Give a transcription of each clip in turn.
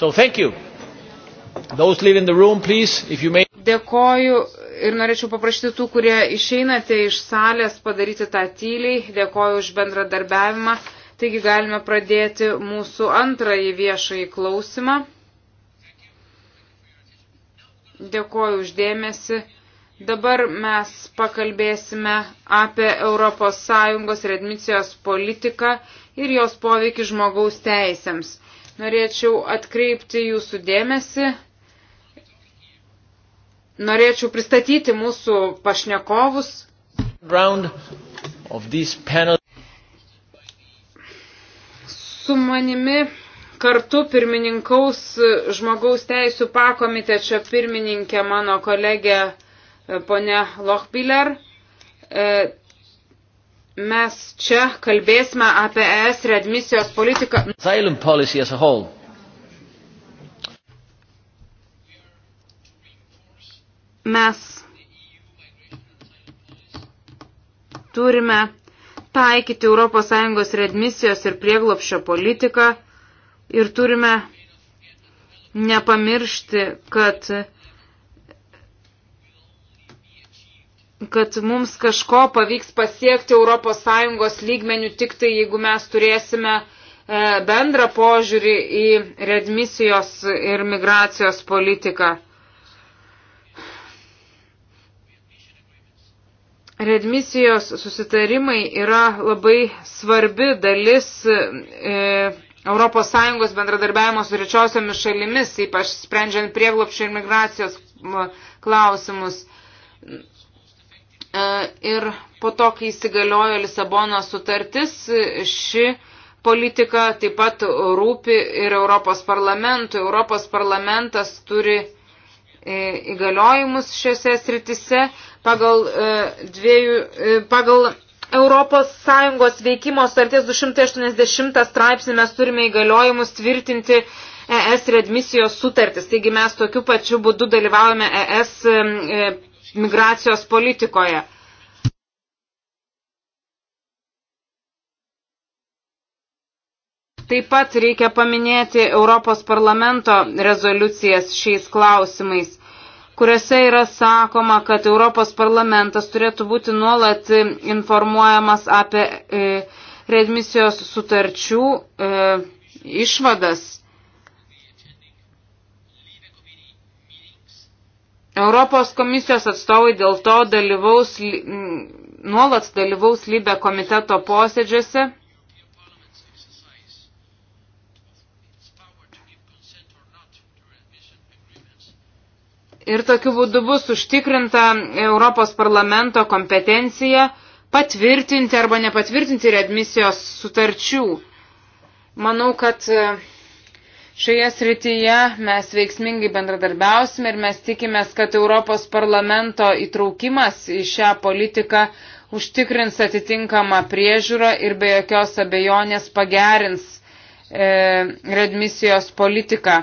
So thank you. Those leaving the room, please, if you may. Dėkoju ir norėčiau paprašyti tų, kurie išeinate iš salės, padaryti tą tyliai. Dėkoju už bendradarbiavimą. Taigi galime pradėti mūsų antrąjį viešąjį klausimą. Dėkoju uždėmesi. Dabar mes pakalbėsime apie ES redmicijos politiką ir jos poveikį žmogaus teisėms. Norėčiau atkreipti jūsų dėmesį. Norėčiau pristatyti mūsų pašnekovus. Su manimi kartu pirmininkaus žmogaus teisų pakomitečio pirmininkė mano kolegė e, ponė Lochbiller. E, mes čia kalbėsime apie ES readmisijos politiką. Asylum policy as a whole. Mes turime taikyti ES readmisijos ir prieglopščio politiką ir turime nepamiršti, kad kad mums kažko pavyks pasiekti ES lygmenių tik tai, jeigu mes turėsime e, bendrą požiūrį į redmisijos ir migracijos politiką. Redmisijos susitarimai yra labai svarbi dalis e, ES bendradarbiavimo su rečiosiomis šalimis, ypač sprendžiant prieglopšio ir migracijos klausimus. E, ir po to, kai įsigaliojo Lisabono sutartis, ši politika taip pat rūpi ir Europos parlamentui. Europos parlamentas turi e, įgaliojimus šiuose sritise pagal, e, dviejų, pagal Europos Sąjungos veikimo starties 280 straipsnį mes turime įgaliojimus tvirtinti ES redmisijos sutartis. Taigi mes tokiu pačiu būdu dalyvaujame ES migracijos politikoje. Taip pat reikia paminėti Europos parlamento rezoliucijas šiais klausimais, kuriuose yra sakoma, kad Europos parlamentas turėtų būti nuolat informuojamas apie e, redmisijos sutarčių e, išvadas Europos komisijos atstovai dėl to dalyvaus, nuolat dalyvaus lybę komiteto posėdžiuose. Ir tokiu būdu bus užtikrinta Europos parlamento kompetencija patvirtinti arba nepatvirtinti readmisijos sutarčių. Manau, kad Šioje srityje mes veiksmingai bendradarbiausime ir mes tikimės, kad Europos parlamento įtraukimas į šią politiką užtikrins atitinkamą priežiūrą ir be jokios abejonės pagerins e, redmisijos politiką.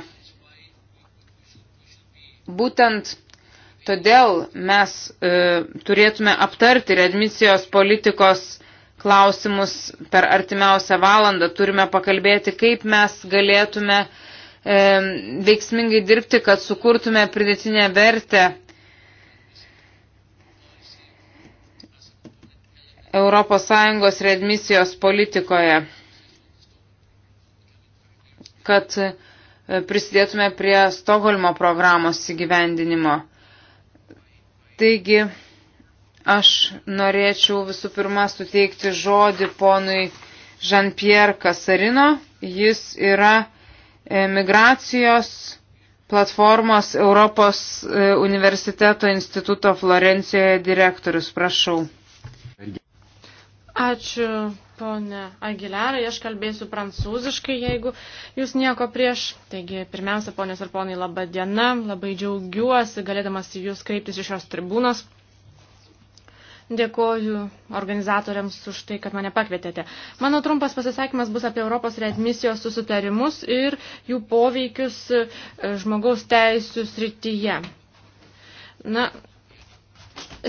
Būtent todėl mes e, turėtume aptarti redmisijos politikos klausimus per artimiausią valandą. Turime pakalbėti, kaip mes galėtume e, veiksmingai dirbti, kad sukurtume pridėtinę vertę ES redmisijos politikoje, kad e, prisidėtume prie Stokholmo programos įgyvendinimo. Taigi, Aš norėčiau visų pirma suteikti žodį ponui Jean-Pierre Kasarino. Jis yra e, migracijos platformos Europos e, universiteto instituto Florencijoje direktorius. Prašau. Ačiū, ponė Aguilera. Aš kalbėsiu prancūziškai, jeigu jūs nieko prieš. Taigi, pirmiausia, ponės ir ponai, laba diena. Labai džiaugiuosi galėdamas į jūs kreiptis iš šios tribūnos. Dėkoju organizatoriams už tai, kad mane pakvietėte. Mano trumpas pasisakymas bus apie Europos readmisijos susitarimus ir jų poveikius e, žmogaus teisų srityje. Na,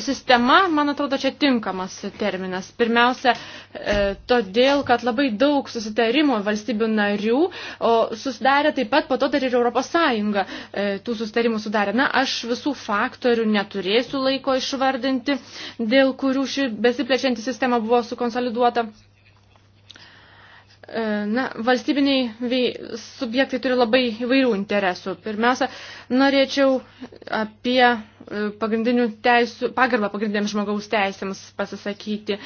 Sistema, man atrodo, čia tinkamas terminas. Pirmiausia, e, todėl, kad labai daug susitarimų valstybių narių o susidarė taip pat po to dar ir Europos Sąjunga e, tų susitarimų sudarė. Na, aš visų faktorių neturėsiu laiko išvardinti, dėl kurių ši besiplečianti sistema buvo sukonsoliduota. E, na, valstybiniai subjektai turi labai įvairių interesų. Pirmiausia, norėčiau apie e, pagrindinių teisų, pagarbą pagrindiniams žmogaus teisėms pasisakyti.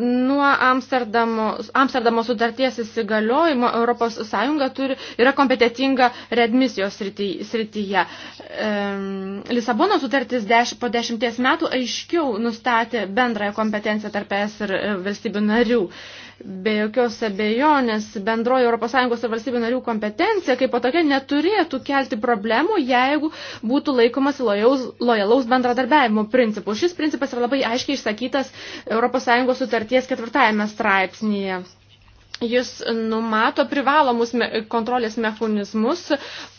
Nuo Amsterdamo, Amsterdamo sutarties įsigaliojimo Europos Sąjunga turi, yra kompetitinga readmisijos srityje. Ehm, Lisabono sutartis deš, po dešimties metų aiškiau nustatė bendrąją kompetenciją tarp ES ir e, valstybių narių. Ehm, Be jokios abejonės bendroji ES ir valstybių narių kompetencija kaip tokia neturėtų kelti problemų, jeigu būtų laikomas lojaus, lojalaus bendradarbiavimo principų. Šis principas yra labai aiškiai išsakytas ES sutarties ketvirtajame straipsnėje. Jis numato privalomus me kontrolės mechanizmus,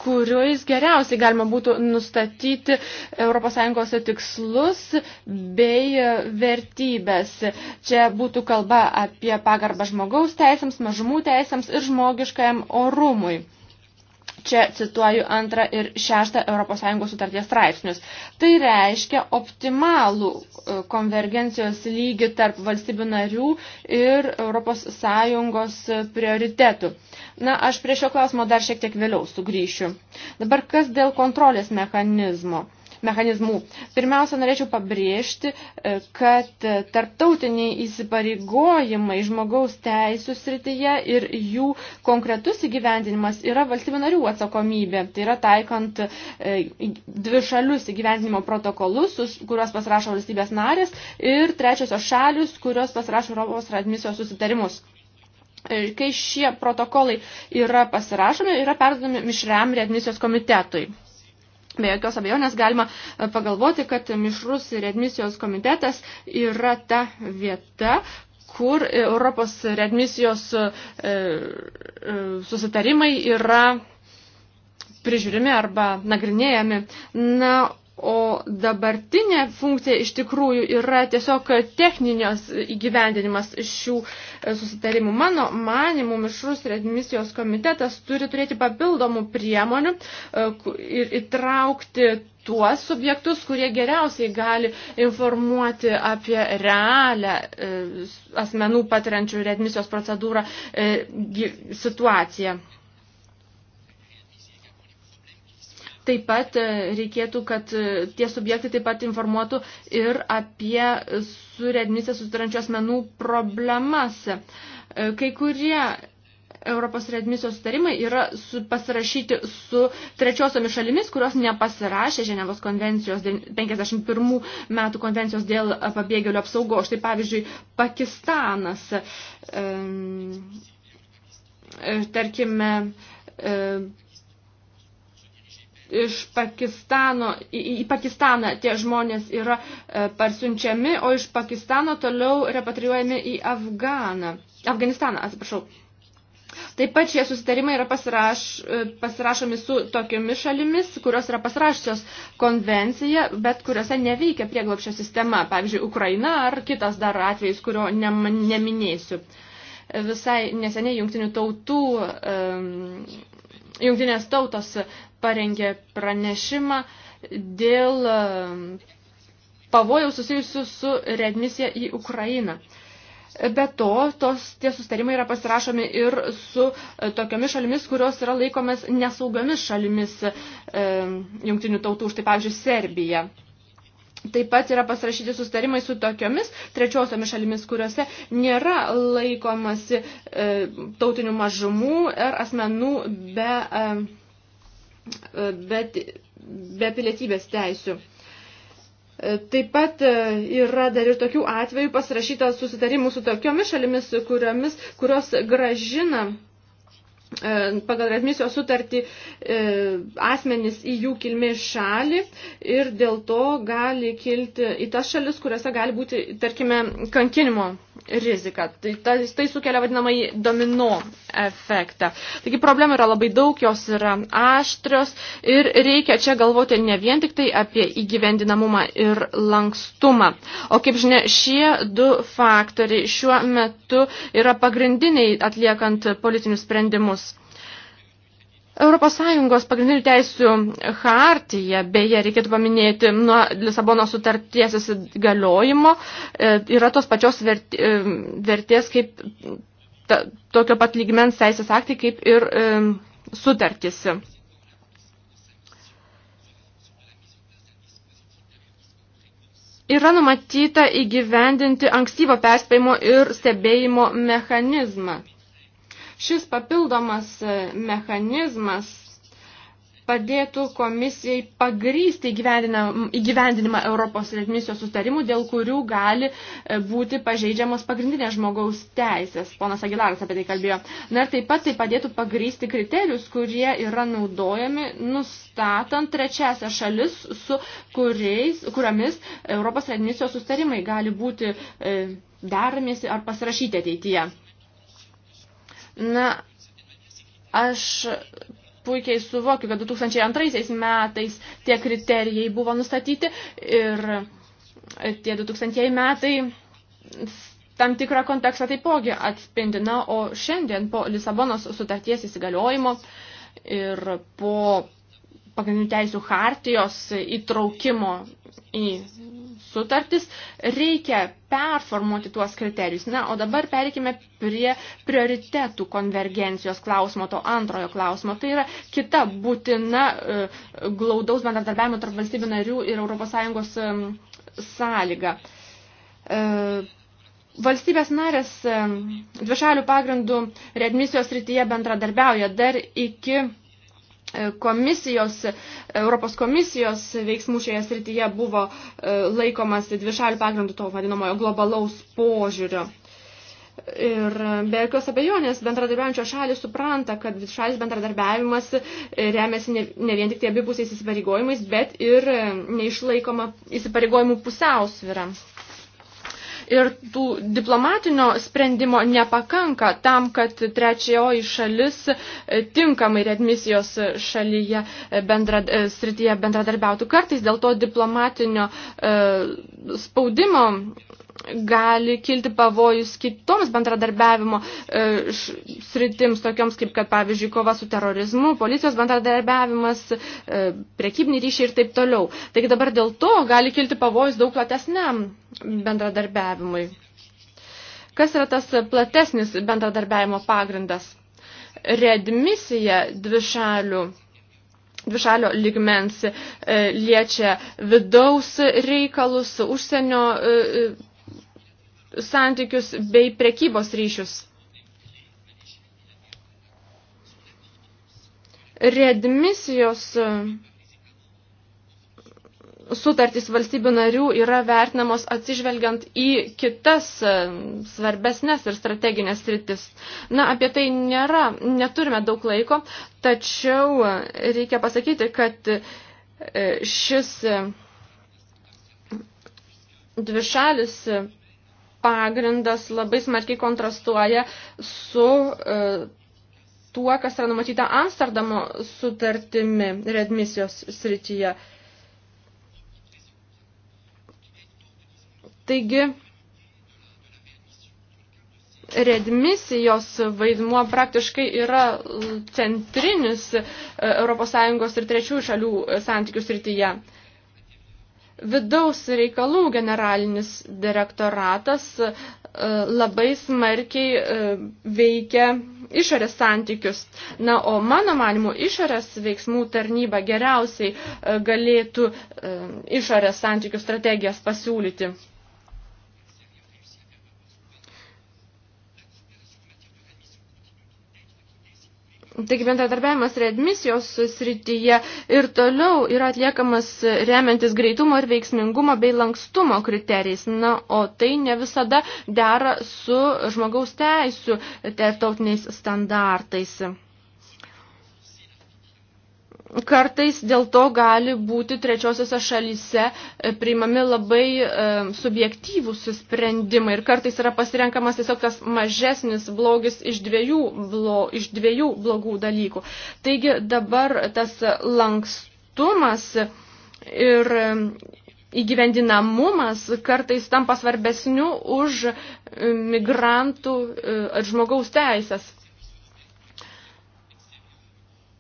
kuriais geriausiai galima būtų nustatyti ES tikslus bei vertybės. Čia būtų kalba apie pagarbą žmogaus teisėms, mažumų teisėms ir žmogiškajam orumui. Čia cituoju antrą ir šeštą ES sutarties straipsnius. Tai reiškia optimalų e, konvergencijos lygį tarp valstybių narių ir ES prioritetų. Na, aš prie šio klausimo dar šiek tiek vėliau sugrįšiu. Dabar kas dėl kontrolės mechanizmo? mechanizmų. Pirmiausia, norėčiau pabrėžti, e, kad e, tarptautiniai įsipareigojimai žmogaus teisų srityje ir jų konkretus įgyvendinimas yra valstybių narių atsakomybė. Tai yra taikant e, dvi šalius įgyvendinimo protokolus, kuriuos pasirašo valstybės narės ir trečiosios šalius, kurios pasirašo Europos admisijos susitarimus. Kai šie protokolai yra pasirašomi, yra perdodami mišriam readmisijos komitetui. Be jokios abejonės galima e, pagalvoti, kad mišrus readmisijos komitetas yra ta vieta, kur Europos readmisijos e, e, susitarimai yra prižiūrimi arba nagrinėjami. Na, O dabartinė funkcija iš tikrųjų yra tiesiog techninės įgyvendinimas šių e, susitarimų. Mano manimų mišrus readmisijos komitetas turi turėti papildomų priemonių e, ir įtraukti tuos subjektus, kurie geriausiai gali informuoti apie realią e, asmenų patiriančių readmisijos procedūrą situaciją. Taip pat e, reikėtų, kad e, tie subjektai taip pat informuotų ir apie su redmisė susitarančių asmenų problemas. E, kai kurie Europos redmisijos sutarimai yra su, pasirašyti su trečiosiomis šalimis, kurios nepasirašė Ženevos konvencijos 51 metų konvencijos dėl pabėgėlių apsaugos. Štai pavyzdžiui, Pakistanas, e, tarkime, e, iš Pakistano, į, į Pakistaną tie žmonės yra e, parsiunčiami, o iš Pakistano toliau repatrijuojami į Afganą, Afganistaną, atsiprašau. Taip pat šie susitarimai yra pasiraš, e, pasirašomi su tokiomis šalimis, kurios yra pasirašusios konvenciją, bet kuriuose neveikia prieglopščio sistema, pavyzdžiui, Ukraina ar kitas dar atvejs, kurio ne, neminėsiu. Visai neseniai jungtinių tautų um, e, jungtinės tautos parengė pranešimą dėl e, pavojaus susijusių su readmisija į Ukrainą. Be to, tos, tie sustarimai yra pasirašomi ir su e, tokiomis šalimis, kurios yra laikomas nesaugomis šalimis e, jungtinių tautų, štai pavyzdžiui, Serbija. E, Taip pat yra pasirašyti sustarimai su tokiomis trečiosiomis šalimis, kuriuose nėra laikomasi e, tautinių mažumų ir asmenų be, e, e be, be pilietybės teisių. E, taip pat e, yra dar ir tokių atvejų pasirašyta susitarimų su tokiomis šalimis, kuriomis, kurios gražina E, pagal redmisijos sutartį e, asmenys į jų kilmės šalį ir dėl to gali kilti į tas šalis, kuriuose gali būti, tarkime, kankinimo rizika. Tai, tai, tai sukelia vadinamai domino efektą. Taigi problemų yra labai daug, jos yra aštrios ir reikia čia galvoti ne vien tik tai apie įgyvendinamumą ir lankstumą. O kaip žinia, šie du faktoriai šiuo metu yra pagrindiniai atliekant politinius sprendimus. ES pagrindinių teisių hartija, beje, reikėtų paminėti, nuo Lisabono sutarties įsigaliojimo e, yra tos pačios e, vertės kaip ta, tokio pat lygmens teisės aktai kaip ir e, sutartisi. Yra numatyta įgyvendinti ankstyvo perspėjimo ir stebėjimo mechanizmą. Šis papildomas e, mechanizmas padėtų komisijai pagrysti įgyvendinimą Europos redmisijos sustarimų, dėl kurių gali e, būti pažeidžiamos pagrindinės žmogaus teisės. Ponas Agilaras apie tai kalbėjo. Na ir taip pat tai padėtų pagrysti kriterijus, kurie yra naudojami nustatant trečiasią šalis, su kuriais, kuriomis Europos redmisijos sustarimai gali būti e, daromėsi ar pasirašyti ateityje. Na, aš puikiai suvokiu, kad 2002 metais tie kriterijai buvo nustatyti ir tie 2000 metai tam tikrą kontekstą taipogi atspindi. Na, o šiandien po Lisabonos sutarties įsigaliojimo ir po pagrindinių teisių hartijos įtraukimo į sutartis, reikia performuoti tuos kriterijus. Na, o dabar pereikime prie prioritetų konvergencijos klausimo, to antrojo klausimo. Tai yra kita būtina e, glaudaus bendradarbiavimo tarp valstybių narių ir ES e, sąlyga. E, valstybės narės dvišalių pagrindų readmisijos rytyje bendradarbiauja dar iki E, komisijos, e, Europos komisijos veiksmų šioje srityje buvo e, laikomas dvišalių pagrindų to vadinamojo globalaus požiūrio. Ir be jokios abejonės bendradarbiaujančios šalis supranta, kad šalis bendradarbiavimas remiasi ne, ne vien tik tie abipusiais įsipareigojimais, bet ir neišlaikoma įsipareigojimų pusiausvyra ir tų diplomatinio sprendimo nepakanka tam, kad trečioji šalis e, tinkamai redmisijos šalyje e, bendra, e, srityje bendradarbiautų. Kartais dėl to diplomatinio spaudimo gali kilti pavojus kitoms bendradarbiavimo e, sritims, tokioms kaip, kad, pavyzdžiui, kova su terorizmu, policijos bendradarbiavimas, e, prekybiniai ryšiai ir taip toliau. Taigi dabar dėl to gali kilti pavojus daug platesniam bendradarbiavimui. Kas yra tas platesnis bendradarbiavimo pagrindas? Readmisija dvišalių dvišalio ligmens e, liečia vidaus reikalus, užsienio e, santykius bei prekybos ryšius. Readmisijos e, sutartys valstybių narių yra vertinamos atsižvelgiant į kitas e, svarbesnės ir strateginės sritis. Na, apie tai nėra, neturime daug laiko, tačiau e, reikia pasakyti, kad šis dvišalis pagrindas labai smarkiai kontrastuoja su e, tuo, kas yra numatyta Amsterdamo sutartimi redmisijos srityje. Taigi, redmisijos vaidmuo praktiškai yra centrinis ES ir trečiųjų šalių e, santykių srityje. Vidaus reikalų generalinis direktoratas e, labai smarkiai e, veikia išorės santykius. Na, o mano manimu, išorės veiksmų tarnyba geriausiai e, galėtų išorės santykių strategijas pasiūlyti. Taigi bendradarbiavimas readmisijos srityje ir toliau yra atliekamas remiantis greitumo ir veiksmingumo bei lankstumo kriterijais. Na, o tai ne visada dera su žmogaus teisų tarptautiniais standartais kartais dėl to gali būti trečiosiose šalyse e, priimami labai e, subjektyvūs sprendimai ir kartais yra pasirenkamas tiesiog tas mažesnis blogis iš dviejų, blo, iš dviejų blogų dalykų. Taigi dabar tas lankstumas ir e, įgyvendinamumas kartais tampa svarbesniu už migrantų ir žmogaus teisės.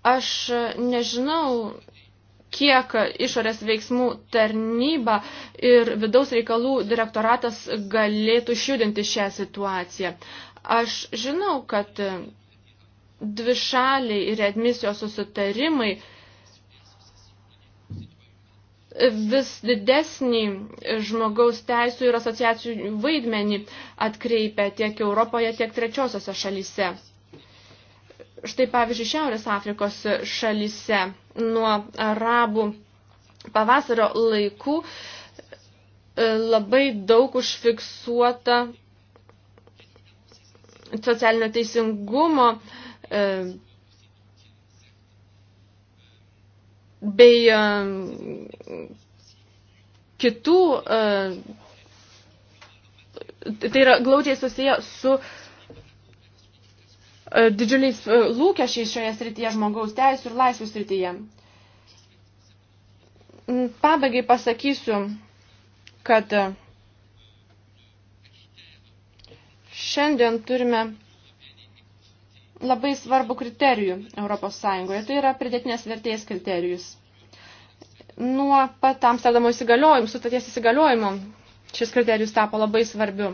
Aš nežinau, kiek išorės veiksmų tarnyba ir vidaus reikalų direktoratas galėtų išjudinti šią situaciją. Aš žinau, kad dvišaliai ir admisijos susitarimai vis didesnį žmogaus teisų ir asociacijų vaidmenį atkreipia tiek Europoje, tiek trečiosiose šalyse. Štai pavyzdžiui, Šiaurės Afrikos šalise nuo arabų pavasario laikų e, labai daug užfiksuota socialinio teisingumo e, bei e, kitų, tai yra glaudžiai susiję su E, didžiuliais e, lūkesčiais šioje srityje žmogaus teisų ir laisvų srityje. Mm, pabaigai pasakysiu, kad e, šiandien turime labai svarbu kriterijų Europos Sąjungoje. Tai yra pridėtinės vertės kriterijus. Nuo pat Amsterdamo įsigaliojimo, sutarties įsigaliojimo, šis kriterijus tapo labai svarbiu.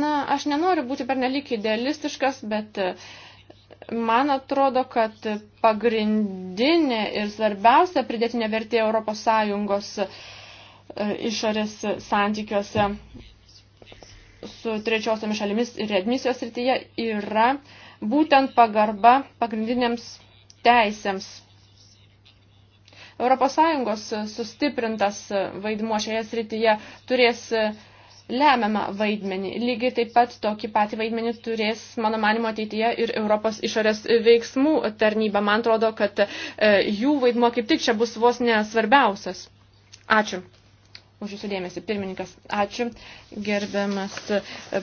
Na, aš nenoriu būti pernelik idealistiškas, bet e, man atrodo, kad pagrindinė ir svarbiausia pridėtinė vertė Europos Sąjungos e, išorės santykiuose su trečiosiomis šalimis ir admisijos srityje yra būtent pagarba pagrindiniams teisėms. Europos Sąjungos sustiprintas vaidmuo šioje srityje turės lemiamą vaidmenį. Lygiai taip pat tokį patį vaidmenį turės, mano manimo, ateityje ir Europos išorės veiksmų tarnyba. Man atrodo, kad e, jų vaidmo kaip tik čia bus vos nesvarbiausias. Ačiū. Už jūsų dėmesį, pirmininkas. Ačiū, gerbiamas e,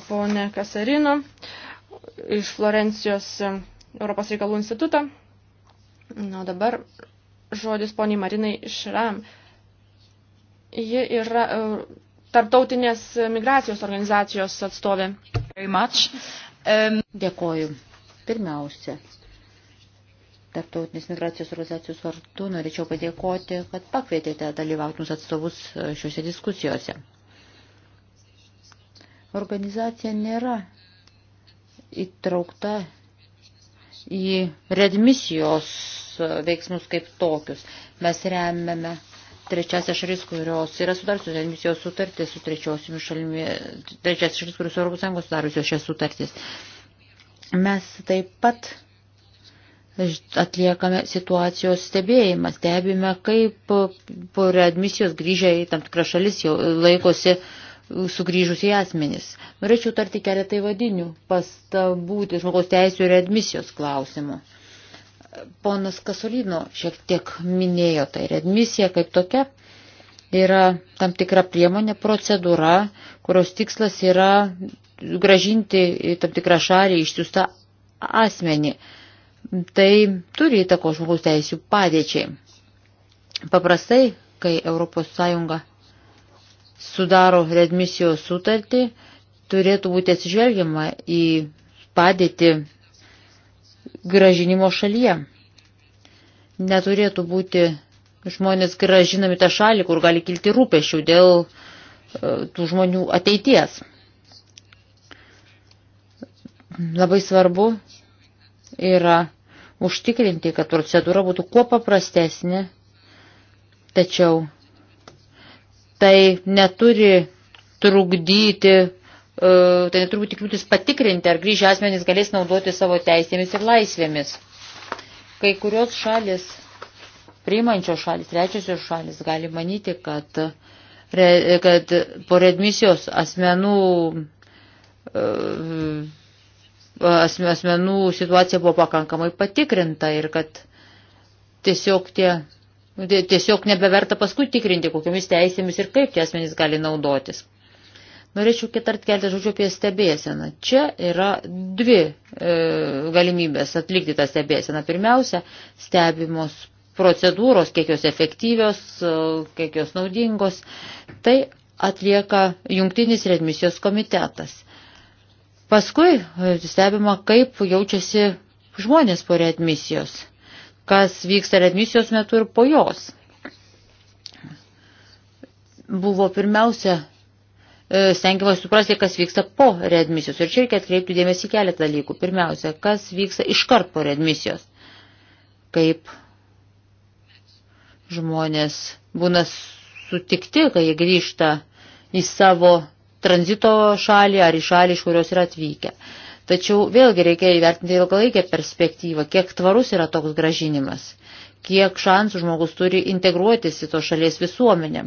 ponė Kasarino iš Florencijos e, Europos reikalų instituto. Na, dabar žodis poniai Marinai Šram. Ji yra tarptautinės migracijos organizacijos atstovė. Um... Dėkoju. Pirmiausia, tarptautinės migracijos organizacijos vardu norėčiau padėkoti, kad pakvietėte dalyvauti mūsų atstovus e, šiuose diskusijose. Organizacija nėra įtraukta į redmisijos veiksmus kaip tokius. Mes remiame trečiasias šalis, kurios yra sudarusios emisijos sutartys su trečiosiomis šalimi, trečiasias šalis, kurios Europos Sąjungos sudarusios šias sutartys. Mes taip pat atliekame situacijos stebėjimą, stebime, kaip po readmisijos grįžę į tam tikrą šalis jau laikosi sugrįžusiai asmenys. Norėčiau tarti keletai vadinių pastabų žmogaus teisų ir admisijos klausimų. Ponas Kasolino šiek tiek minėjo, tai redmisija kaip tokia yra tam tikra priemonė, procedūra, kurios tikslas yra gražinti į tam tikrą šalį išsiųstą asmenį. Tai turi įtako žmogaus teisų padėčiai. Paprastai, kai ES sudaro redmisijos sutartį, turėtų būti atsižvelgiama į padėtį gražinimo šalyje. Neturėtų būti žmonės gražinami tą šalį, kur gali kilti rūpešių dėl e, tų žmonių ateities. Labai svarbu yra užtikrinti, kad procedūra būtų kuo paprastesnė, tačiau tai neturi trukdyti E, tai neturbūt tik kliūtis patikrinti, ar grįžę asmenys galės naudoti savo teisėmis ir laisvėmis. Kai kurios šalis, priimančios šalis, trečiosios šalis gali manyti, kad, re, kad po redmisijos asmenų, e, asmenų situacija buvo pakankamai patikrinta ir kad tiesiog tie Tiesiog nebeverta paskui tikrinti, kokiamis teisėmis ir kaip tie asmenys gali naudotis. Norėčiau kitart kelti žodžiu apie stebėseną. Čia yra dvi e, galimybės atlikti tą stebėseną. Pirmiausia, stebimos procedūros, kiek jos efektyvios, e, kiek jos naudingos. Tai atlieka jungtinis redmisijos komitetas. Paskui e, stebima, kaip jaučiasi žmonės po readmisijos, kas vyksta readmisijos metu ir po jos. Buvo pirmiausia E, stengiamas suprasti, kas vyksta po readmisijos. Ir čia reikia atkreipti dėmesį keletą dalykų. Pirmiausia, kas vyksta iškart po readmisijos. Kaip žmonės būna sutikti, kai jie grįžta į savo tranzito šalį ar į šalį, iš kurios yra atvykę. Tačiau vėlgi reikia įvertinti ilgalaikę perspektyvą, kiek tvarus yra toks gražinimas, kiek šansų žmogus turi integruotis į to šalies visuomenę.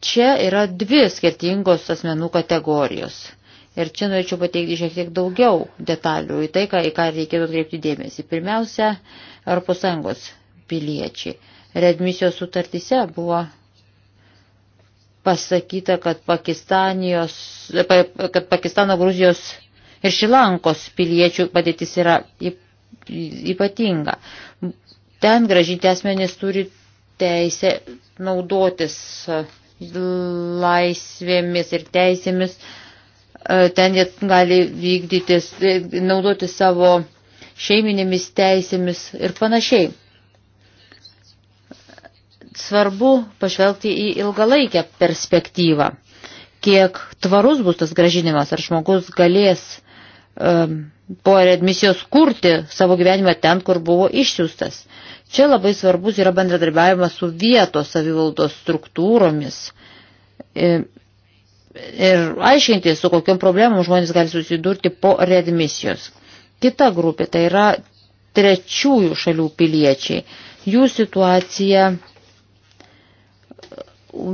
Čia yra dvi skirtingos asmenų kategorijos. Ir čia norėčiau pateikti šiek tiek daugiau detalių į tai, ką, į ką reikėtų atkreipti dėmesį. Pirmiausia, ES piliečiai. Redmisijos sutartyse buvo pasakyta, kad, kad Pakistano, Gruzijos ir Šilankos piliečių padėtis yra ypatinga. Ten gražinti asmenys turi teisę naudotis uh, laisvėmis ir teisėmis, e, ten jie gali vykdytis, e, naudoti savo šeiminėmis teisėmis ir panašiai. Svarbu pažvelgti į ilgalaikę perspektyvą, kiek tvarus bus tas gražinimas, ar žmogus galės um, po readmisijos kurti savo gyvenimą ten, kur buvo išsiųstas. Čia labai svarbus yra bendradarbiavimas su vietos savivaldos struktūromis e, ir, ir aiškinti, su kokiam problemom žmonės gali susidurti po readmisijos. Kita grupė tai yra trečiųjų šalių piliečiai. Jų situacija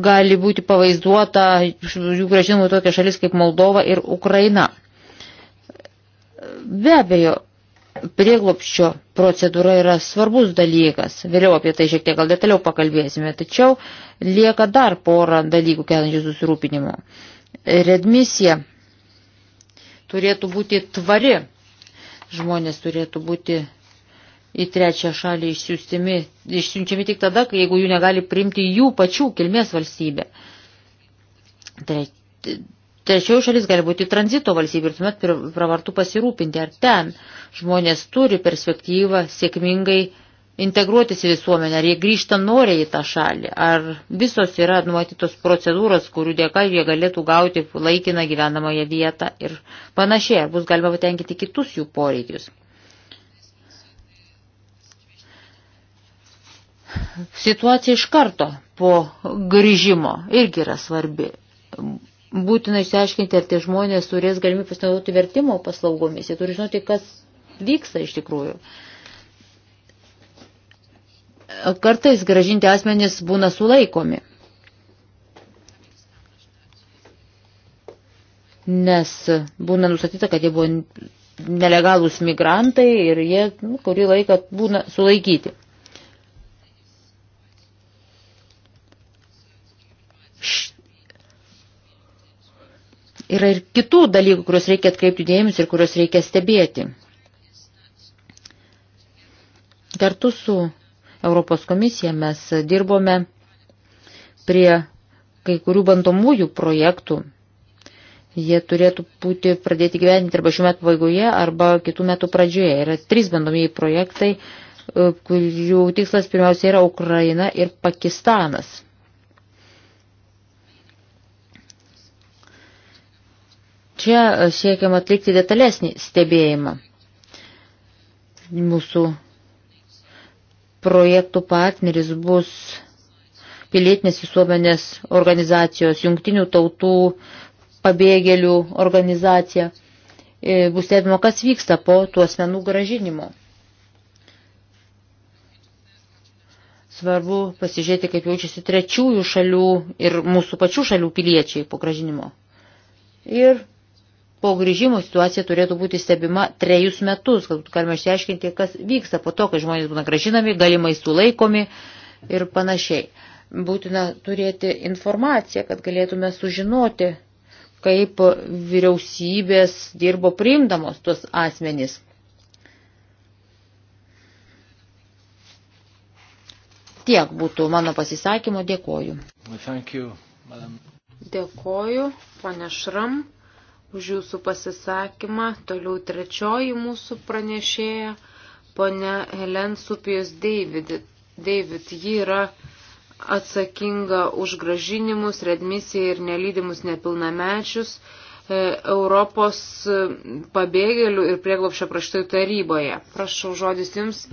gali būti pavaizduota jų gražinimui tokia šalis kaip Moldova ir Ukraina. Be abejo, Prieglopščio procedūra yra svarbus dalykas, vėliau apie tai šiek tiek gal detaliau pakalbėsime, tačiau lieka dar porą dalykų keliančių susirūpinimo. Redmisija turėtų būti tvari, žmonės turėtų būti į trečią šalį išsiųstimi, išsiunčiami tik tada, kai jeigu jų negali priimti jų pačių kilmės valstybė. Tre, Tačiau šalis gali būti tranzito valstybė ir tuomet pravartu pasirūpinti, ar ten žmonės turi perspektyvą sėkmingai integruotis į visuomenę, ar jie grįžta noriai į tą šalį, ar visos yra numatytos procedūros, kurių dėka jie galėtų gauti laikiną gyvenamąją vietą ir panašiai, ar bus galima patenkinti kitus jų poreikius. Situacija iš karto po grįžimo irgi yra svarbi būtina išsiaiškinti, ar tie žmonės turės galimybę pasinaudoti vertimo paslaugomis. Jie turi žinoti, kas vyksta iš tikrųjų. Kartais gražinti asmenys būna sulaikomi. Nes būna nustatyta, kad jie buvo nelegalūs migrantai ir jie nu, kurį laiką būna sulaikyti. Št Yra ir kitų dalykų, kuriuos reikia atkreipti dėmesį ir kuriuos reikia stebėti. Kartu su Europos komisija mes dirbome prie kai kurių bandomųjų projektų. Jie turėtų būti pradėti gyventi arba šių metų pabaigoje, arba kitų metų pradžioje. Yra trys bandomieji projektai, e, kurių tikslas pirmiausia yra Ukraina ir Pakistanas. Čia e, siekiam atlikti detalesnį stebėjimą. Mūsų projektų partneris bus pilietinės visuomenės organizacijos, jungtinių tautų pabėgėlių organizacija. E, bus stebima, kas vyksta po tų asmenų gražinimo. Svarbu pasižiūrėti, kaip jaučiasi trečiųjų šalių ir mūsų pačių šalių piliečiai po gražinimo. Ir po grįžimo situacija turėtų būti stebima trejus metus, kad galima išsiaiškinti, kas vyksta po to, kai žmonės būna gražinami, galimai sulaikomi ir panašiai. Būtina turėti informaciją, kad galėtume sužinoti, kaip vyriausybės dirbo priimdamos tuos asmenys. Tiek būtų mano pasisakymo, dėkoju. Dėkoju, pane Šram už jūsų pasisakymą. Toliau trečioji mūsų pranešėja, ponia Helen Supijos David. David, ji yra atsakinga už gražinimus, redmisiją ir nelydimus nepilnamečius e, Europos e, pabėgėlių ir prieglopšio praštojų taryboje. Prašau žodis Jums.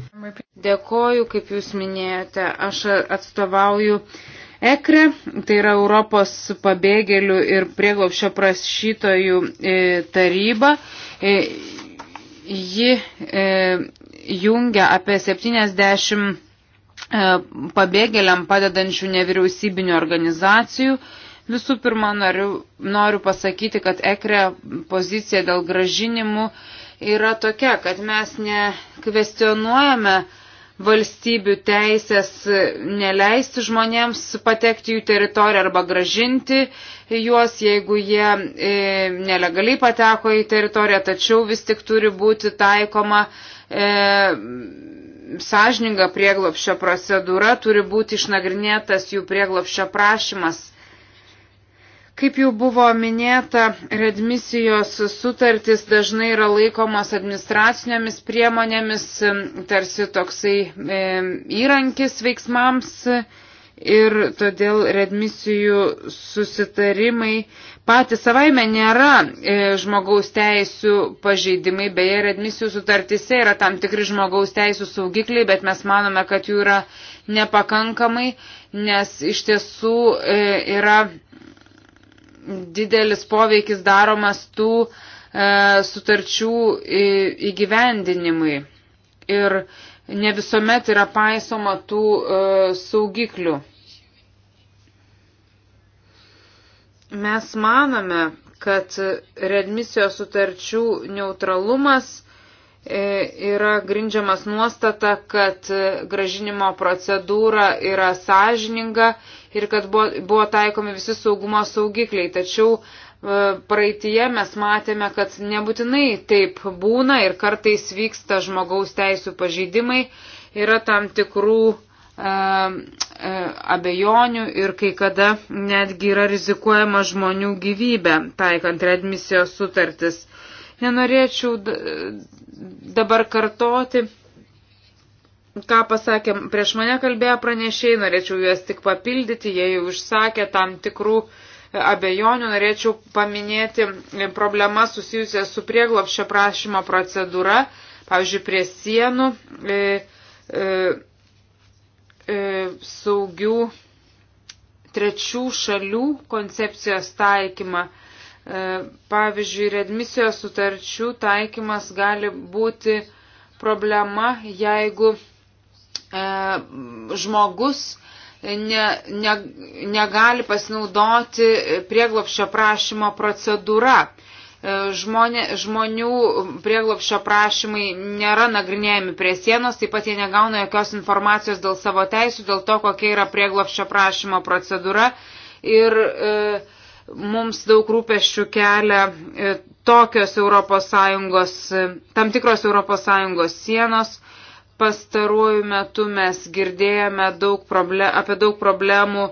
Dėkoju, kaip Jūs minėjote, aš atstovauju ECRE, tai yra Europos pabėgėlių ir prieglopšio prašytojų e, taryba. E, ji e, jungia apie 70 pabėgėliam padedančių nevyriausybinių organizacijų. Visų pirma, noriu, noriu pasakyti, kad ekre pozicija dėl gražinimų yra tokia, kad mes nekvestionuojame uh, valstybių teisės neleisti žmonėms patekti jų teritoriją arba gražinti juos, jeigu jie e, nelegaliai pateko į teritoriją, tačiau vis tik turi būti taikoma e, sąžininga prieglopščio procedūra, turi būti išnagrinėtas jų prieglopščio prašymas. Kaip jau buvo minėta, redmisijos sutartys dažnai yra laikomos administracinėmis priemonėmis, tarsi toksai e, įrankis veiksmams ir todėl redmisijų susitarimai patys savaime nėra e, žmogaus teisų pažeidimai, beje, redmisijų sutartise yra tam tikri žmogaus teisų saugikliai, bet mes manome, kad jų yra nepakankamai, nes iš tiesų e, yra didelis poveikis daromas tų e, sutarčių įgyvendinimui. Ir ne visuomet yra paisoma tų e, saugiklių. Mes manome, kad redmisijos sutarčių neutralumas E, yra grindžiamas nuostata, kad gražinimo procedūra yra sąžininga ir kad buvo, buvo taikomi visi saugumo saugikliai. Tačiau e, praeitie mes matėme, kad nebūtinai taip būna ir kartais vyksta žmogaus teisų pažeidimai, yra tam tikrų e, e, abejonių ir kai kada netgi yra rizikuojama žmonių gyvybė taikant readmisijos sutartis. Nenorėčiau dabar kartoti, ką pasakė prieš mane kalbėjo pranešiai, norėčiau juos tik papildyti, jie jau išsakė tam tikrų abejonių, norėčiau paminėti problemas susijusias su prieglopščio prašymo procedūra, pavyzdžiui, prie sienų. E, e, e saugių trečių šalių koncepcijos taikymą. E, pavyzdžiui, redmisijos sutarčių taikymas gali būti problema, jeigu e, žmogus ne, ne, negali pasinaudoti prieglopščio prašymo procedūra e, žmonė, žmonių prieglopščio prašymai nėra nagrinėjami prie sienos, taip pat jie negauna jokios informacijos dėl savo teisų, dėl to, kokia yra prieglopščio prašymo procedūra. Ir e, mums daug rūpeščių kelia e, tokios ES, e, tam tikros ES sienos. Pastaruoju metu mes girdėjome daug problem, apie daug problemų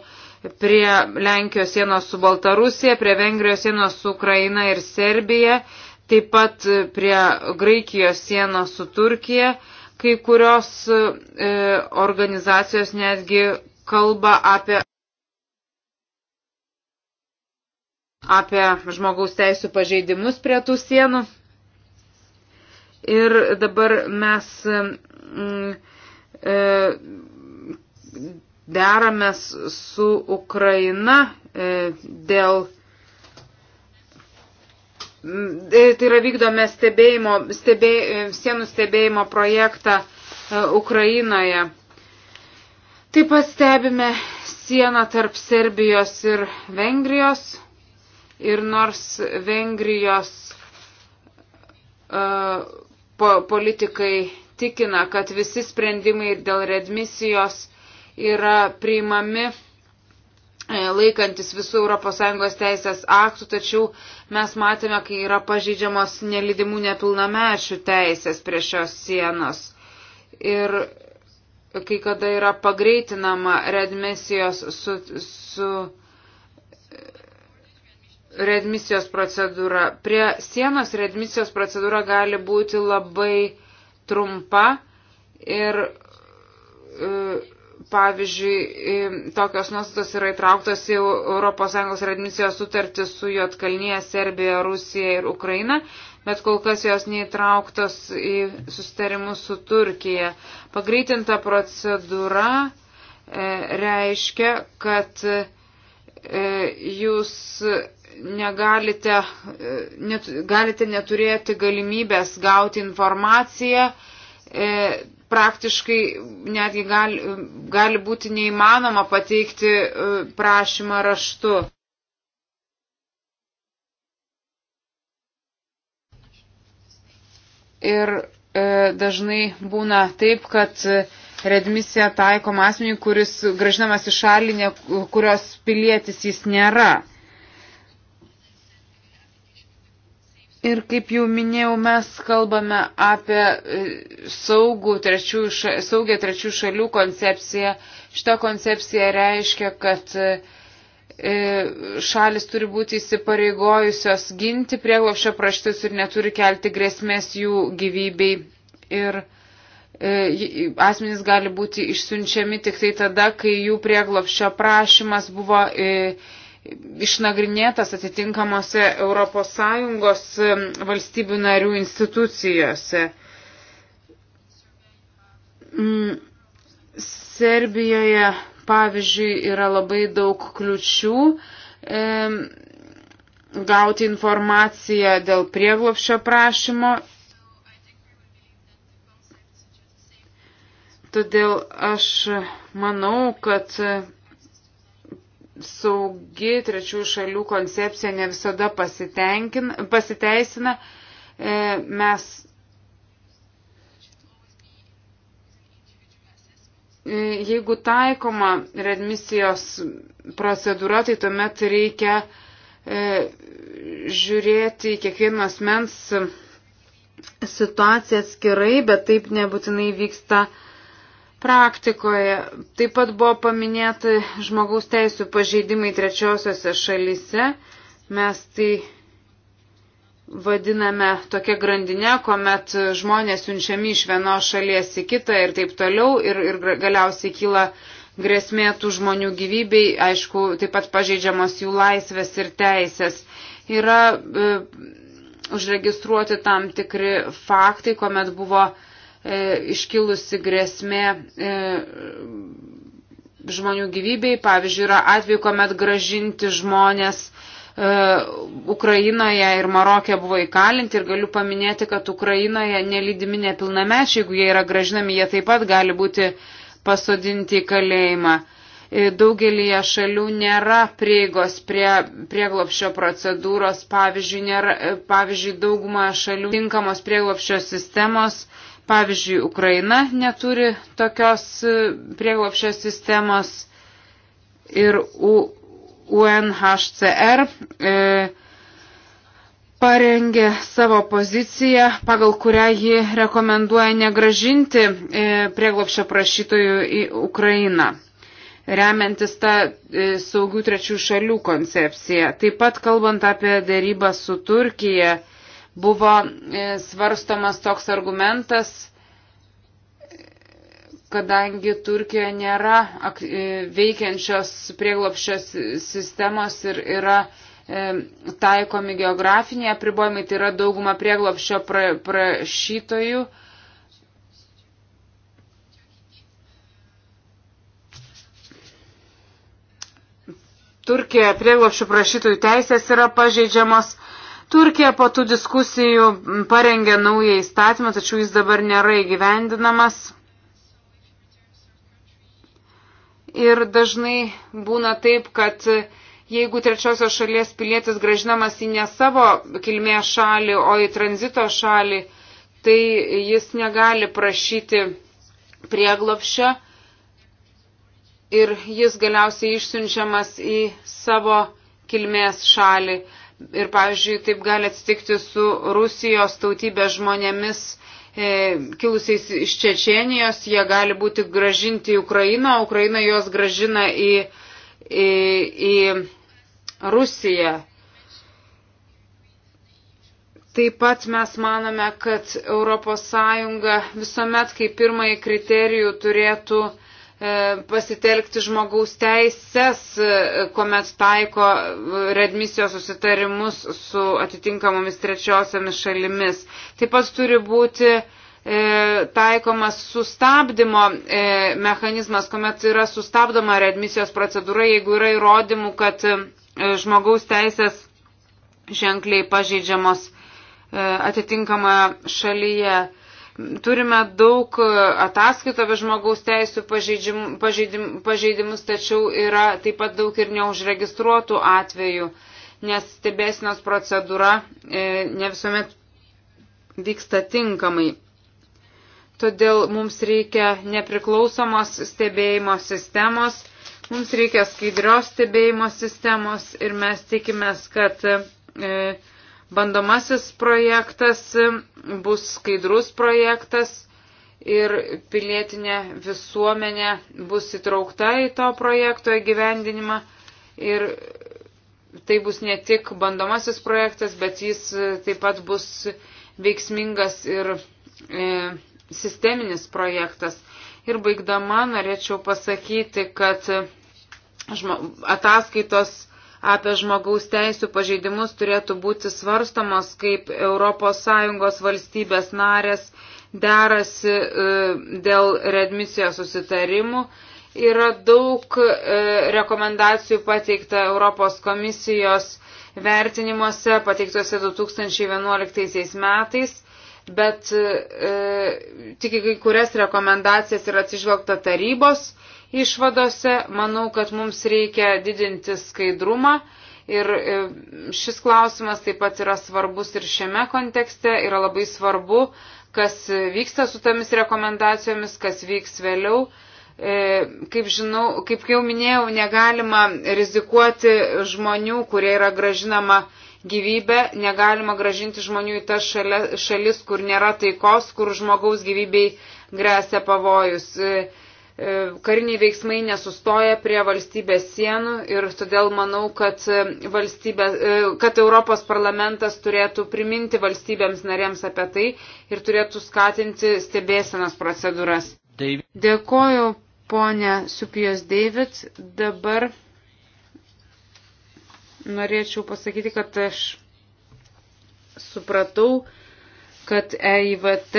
prie Lenkijos sienos su Baltarusija, prie Vengrijos sienos su Ukraina ir Serbija, taip pat e, prie Graikijos sienos su Turkija. Kai kurios e, organizacijos netgi kalba apie apie žmogaus teisų pažeidimus prie tų sienų. Ir dabar mes mm, e, deramės su Ukraina e, dėl. Mm, e, tai yra vykdome stebėjimo, stebė, e, sienų stebėjimo projektą e, Ukrainoje. Taip pat stebime sieną tarp Serbijos ir Vengrijos ir nors Vengrijos uh, po, politikai tikina, kad visi sprendimai dėl redmisijos yra priimami e, laikantis visų ES teisės aktų, tačiau mes matėme, kai yra pažydžiamos nelidimų nepilnamečių teisės prie šios sienos. Ir kai kada yra pagreitinama redmisijos su, su readmisijos procedūra. Prie sienos readmisijos procedūra gali būti labai trumpa ir, e, pavyzdžiui, e, tokios nuostatos yra įtrauktos į ES readmisijos sutartį su Jotkalnyje, Serbija, Rusija ir Ukraina, bet kol kas jos neįtrauktos į sustarimus su Turkija. Pagreitinta procedūra e, reiškia, kad jūs negalite, net, galite neturėti galimybės gauti informaciją, e, praktiškai netgi gali, gali būti neįmanoma pateikti e, prašymą raštu. Ir e, dažnai būna taip, kad e, redmisija taikoma asmeniui, kuris gražinamas į šalį, ne, kurios pilietis jis nėra. Ir kaip jau minėjau, mes kalbame apie e, saugų trečių, saugę trečių šalių koncepciją. Šita koncepcija reiškia, kad e, e, šalis turi būti įsipareigojusios ginti prieglopšio praštus ir neturi kelti grėsmės jų gyvybei. Ir asmenys gali būti išsiunčiami tik tai tada, kai jų prieglopšio prašymas buvo išnagrinėtas atitinkamose ES valstybių narių institucijose. Mm, Serbijoje, pavyzdžiui, yra labai daug kliučių e, gauti informaciją dėl prieglopščio prašymo. Todėl aš manau, kad saugi trečiųjų šalių koncepcija ne visada pasiteisina. E, mes e, jeigu taikoma redmisijos procedūra, tai tuomet reikia e, žiūrėti kiekvienos mens situaciją atskirai, bet taip nebūtinai vyksta uh, praktikoje. Taip pat buvo paminėta žmogaus teisų pažeidimai trečiosiose šalyse. Mes tai vadiname tokia grandinė, kuomet žmonės siunčiami iš vienos šalies į kitą ir taip toliau ir, ir galiausiai kyla grėsmė tų žmonių gyvybei, aišku, taip pat pažeidžiamos jų laisvės ir teisės. Yra e, užregistruoti tam tikri faktai, kuomet buvo e, E, iškilusi grėsmė e, žmonių gyvybei. Pavyzdžiui, yra atveju, kuomet gražinti žmonės e, Ukrainoje ir Marokė buvo įkalinti ir galiu paminėti, kad Ukrainoje nelydimi nepilnamečiai, jeigu jie yra gražinami, jie taip pat gali būti pasodinti į kalėjimą. Daugelį šalių nėra prieigos prie prieglopščio procedūros, pavyzdžiui, nėra, pavyzdžiui daugumoje šalių tinkamos prieglopščio sistemos Pavyzdžiui, Ukraina neturi tokios e, prieglopščio sistemos ir UNHCR e, parengė savo poziciją, pagal kurią ji rekomenduoja negražinti e, prieglopščio prašytojų į Ukrainą remiantis tą e, saugių trečių šalių koncepciją. Taip pat kalbant apie dėrybą su Turkija, buvo e, svarstomas toks argumentas, kadangi Turkijoje nėra e, veikiančios prieglopščios sistemos ir yra e, taikomi geografiniai apribojimai, tai yra dauguma prieglopščio pra, prašytojų. Turkijoje prieglopščių prašytojų teisės yra pažeidžiamos Turkija po tų diskusijų parengė naują įstatymą, tačiau jis dabar nėra įgyvendinamas. Ir dažnai būna taip, kad jeigu trečiosios šalies pilietis gražinamas į ne savo kilmės šalį, o į tranzito šalį, tai jis negali prašyti prieglopščio ir jis galiausiai išsiunčiamas į savo kilmės šalį. Ir, pavyzdžiui, taip gali atsitikti su Rusijos tautybės žmonėmis e, kilusiais iš Čečienijos. Jie gali būti gražinti į Ukrainą, o Ukraina juos gražina į, į, į Rusiją. Taip pat mes manome, kad ES visuomet kaip pirmąjį kriterijų turėtų e, E, pasitelkti žmogaus teises, e, kuomet taiko redmisijos susitarimus su atitinkamomis trečiosiomis šalimis. Taip pat turi būti e, taikomas sustabdymo mechanizmas, kuomet yra sustabdoma redmisijos procedūra, jeigu yra įrodymų, kad žmogaus teisės ženkliai pažeidžiamos atitinkamoje šalyje. Turime daug ataskaitų apie žmogaus teisų pažeidim, pažeidim, pažeidimus, tačiau yra taip pat daug ir neužregistruotų atvejų, nes stebėsinos procedūra e, ne visuomet vyksta tinkamai. Todėl mums reikia nepriklausomos stebėjimo sistemos, mums reikia skaidrios stebėjimo sistemos ir mes tikimės, kad e, Bandomasis projektas bus skaidrus projektas ir pilietinė visuomenė bus įtraukta į to projekto įgyvendinimą. Ir tai bus ne tik bandomasis projektas, bet jis taip pat bus veiksmingas ir e, sisteminis projektas. Ir baigdama norėčiau pasakyti, kad ataskaitos apie žmogaus teisų pažeidimus turėtų būti svarstamos, kaip ES valstybės narės derasi e, dėl redmisijos susitarimų. Yra daug e, rekomendacijų pateikta Europos komisijos vertinimuose, pateiktuose 2011 metais bet e, tik į kai kurias rekomendacijas yra atsižvelgta tarybos išvadose. Manau, kad mums reikia didinti skaidrumą. Ir e, šis klausimas taip pat yra svarbus ir šiame kontekste. Yra labai svarbu, kas vyksta su tomis rekomendacijomis, kas vyks vėliau. E, kaip, žinau, kaip jau minėjau, negalima rizikuoti žmonių, kurie yra gražinama gyvybė, negalima gražinti žmonių į tas šalis, kur nėra taikos, kur žmogaus gyvybei grėsia pavojus. E, E, kariniai veiksmai nesustoja prie valstybės sienų ir todėl manau, kad, e, valstybė, e, kad Europos parlamentas turėtų priminti valstybėms narėms apie tai ir turėtų skatinti stebėsenas procedūras. David. Dėkoju, ponė Supijos David. Dabar norėčiau pasakyti, kad aš supratau, kad EIVT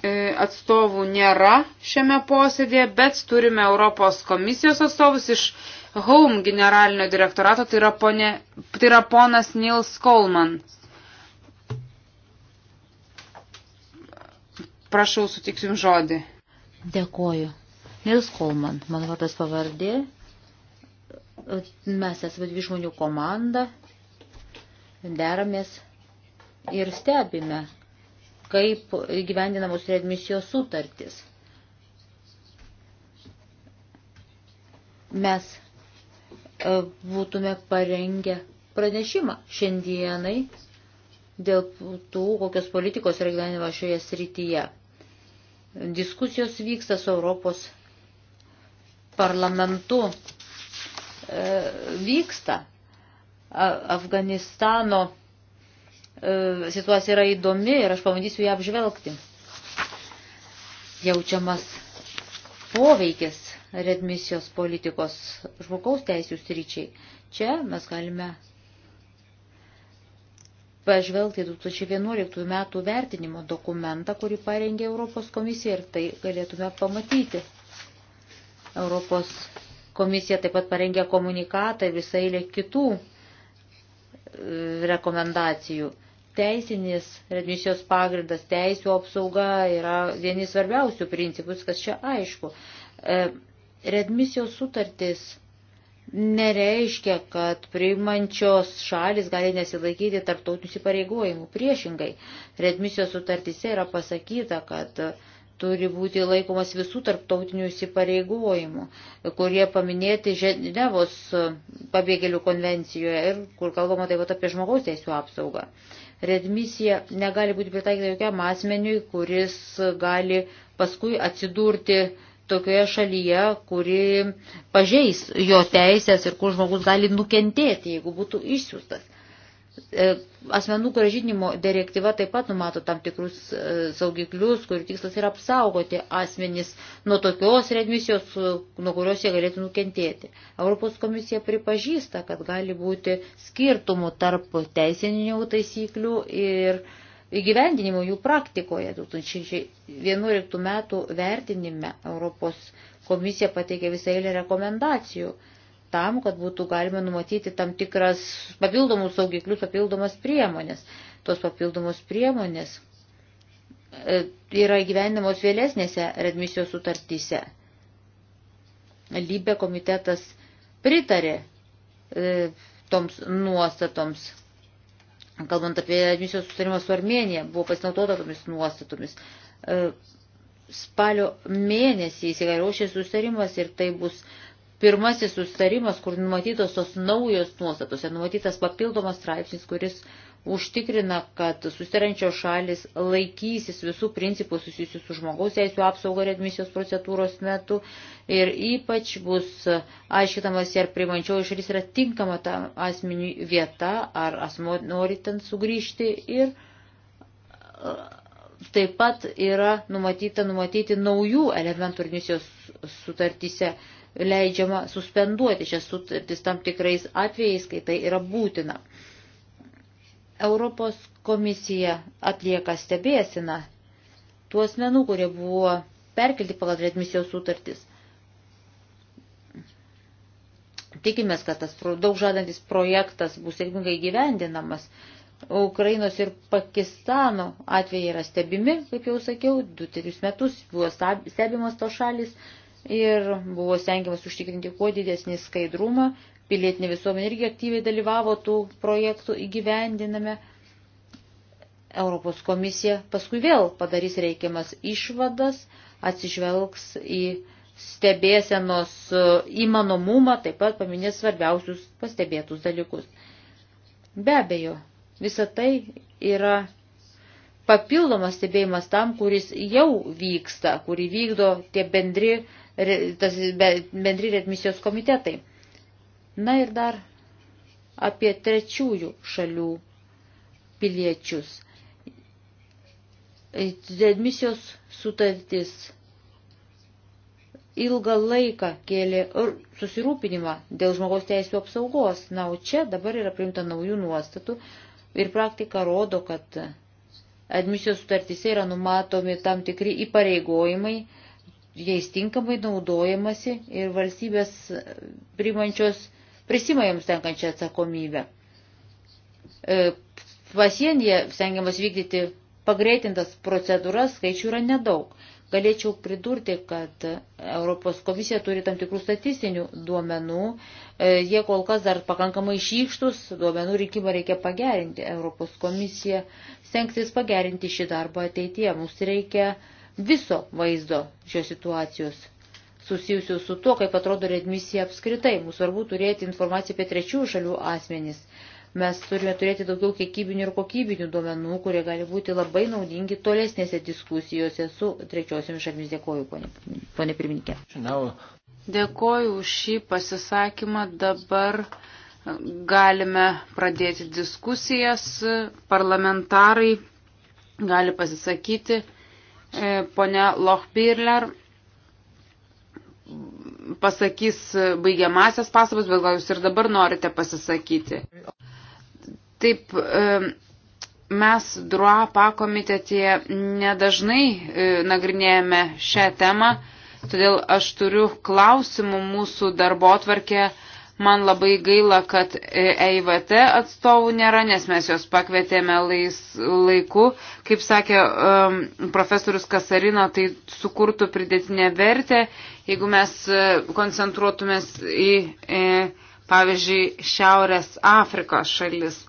E, atstovų nėra šiame posėdėje, bet turime Europos komisijos atstovus iš Home generalinio direktorato, tai yra, ponė, tai yra ponas Nils Kolman. Prašau, sutiksiu jums žodį. Dėkoju. Nils Kolman, mano vardas pavardė. Mes esame dvi žmonių komanda, deramės ir stebime kaip gyvendinamos readmisijos sutartys. Mes e, būtume parengę pranešimą šiandienai dėl tų, kokios politikos yra gyvenima šioje srityje. Diskusijos vyksta su Europos parlamentu. E, vyksta Afganistano E, situacija yra įdomi ir aš pabandysiu ją apžvelgti. Jaučiamas poveikis redmisijos politikos žmogaus teisių sryčiai. Čia mes galime pažvelgti 2011 metų vertinimo dokumentą, kurį parengė Europos komisija ir tai galėtume pamatyti. Europos komisija taip pat parengė komunikatą ir visai kitų e, rekomendacijų teisinis redmisijos pagrindas, teisų apsauga yra vieni svarbiausių principų, kas čia aišku. E, redmisijos sutartis nereiškia, kad priimančios šalis gali nesilaikyti tarptautinių įsipareigojimų. Priešingai, redmisijos sutartise yra pasakyta, kad turi būti laikomas visų tarptautinių įsipareigojimų, kurie paminėti Ženevos pabėgėlių konvencijoje ir kur kalbama taip pat apie žmogaus teisų apsaugą. Redmisija negali būti pritaikyta jokiam asmeniui, kuris gali paskui atsidurti tokioje šalyje, kuri pažeis jo teisės ir kur žmogus gali nukentėti, jeigu būtų išsiųstas. E, asmenų gražinimo direktyva taip pat numato tam tikrus e, saugiklius, kurių tikslas yra apsaugoti asmenys nuo tokios redmisijos, nuo kurios jie galėtų nukentėti. Europos komisija pripažįsta, kad gali būti skirtumų tarp teisininių taisyklių ir įgyvendinimo jų praktikoje 2011 metų vertinime Europos komisija pateikė visą eilę rekomendacijų tam, kad būtų galima numatyti tam tikras papildomus saugiklius, papildomas priemonės. Tos papildomos priemonės e, yra įgyvendamos vėlesnėse redmisijos sutartyse. Lybė komitetas pritarė e, toms nuostatoms. Kalbant apie admisijos sutarimą su Armenija, buvo pasinaudota tomis nuostatomis. E, spalio mėnesį įsigalios šis sustarimas ir tai bus pirmasis sustarimas, kur numatytos tos naujos nuostatos ir numatytas papildomas straipsnis, kuris užtikrina, kad sustarančios šalis laikysis visų principų susijusių su žmogaus teisų apsaugo redmisijos procedūros metu ir ypač bus aiškinamas, ar primančiau išris yra tinkama tam asmeniui vieta, ar asmo nori ten sugrįžti ir e, taip pat yra numatyta numatyti naujų elementų redmisijos sutartyse leidžiama suspenduoti šias sutartis tam tikrais atvejais, kai tai yra būtina. Europos komisija atlieka stebėsiną tų asmenų, kurie buvo perkelti pagal redmisijos sutartis. Tikimės, kad tas daug žadantis projektas bus sėkmingai gyvendinamas. Ukrainos ir Pakistano atvejai yra stebimi, kaip jau sakiau, 2-3 metus buvo stebimos tos šalis, ir buvo stengiamas užtikrinti kuo didesnį skaidrumą. Pilietinė visuomenė irgi aktyviai dalyvavo tų projektų įgyvendiname. Europos komisija paskui vėl padarys reikiamas išvadas, atsižvelgs į stebėsenos e, įmanomumą, taip pat paminės svarbiausius pastebėtus dalykus. Be abejo, visa tai yra papildomas stebėjimas tam, kuris jau vyksta, kurį vykdo tie bendri, tas, bendri redmisijos komitetai. Na ir dar apie trečiųjų šalių piliečius. Redmisijos sutartis ilgą laiką kėlė susirūpinimą dėl žmogaus teisų apsaugos. Na, o čia dabar yra priimta naujų nuostatų ir praktika rodo, kad admisijos sutartyse yra numatomi tam tikri įpareigojimai, jais tinkamai naudojamasi ir valstybės primančios prisima jiems tenkančią atsakomybę. E, pasienyje stengiamas vykdyti pagreitintas procedūras, skaičių yra nedaug. Galėčiau pridurti, kad Europos komisija turi tam tikrų statistinių duomenų. E, jie kol kas dar pakankamai šykštus, duomenų rinkimą reikia pagerinti. Europos komisija stengsis pagerinti šį darbą ateityje. Mums reikia viso vaizdo šios situacijos susijusių su tuo, kaip atrodo readmisija apskritai. Mums svarbu turėti informaciją apie trečiųjų šalių asmenys. Mes turime turėti daugiau kiekybinių ir kokybinių duomenų, kurie gali būti labai naudingi tolesnėse diskusijose su trečiosiomis šalimis. Dėkoju, ponė, ponė pirmininkė. Dėkoju už šį pasisakymą. Dabar galime pradėti diskusijas. Parlamentarai gali pasisakyti. E, Pone Lochbirler pasakys baigiamasias pastabas, bet gal jūs ir dabar norite pasisakyti. Taip, mes DRUA pakomitetėje nedažnai e, nagrinėjame šią temą, todėl aš turiu klausimų mūsų darbo atvarkė. Man labai gaila, kad EIVT e atstovų nėra, nes mes juos pakvietėme lais, laiku. Kaip sakė um, profesorius Kasarino, tai sukurtų pridėtinę vertę, jeigu mes e, koncentruotumės į, e, pavyzdžiui, Šiaurės Afrikos šalis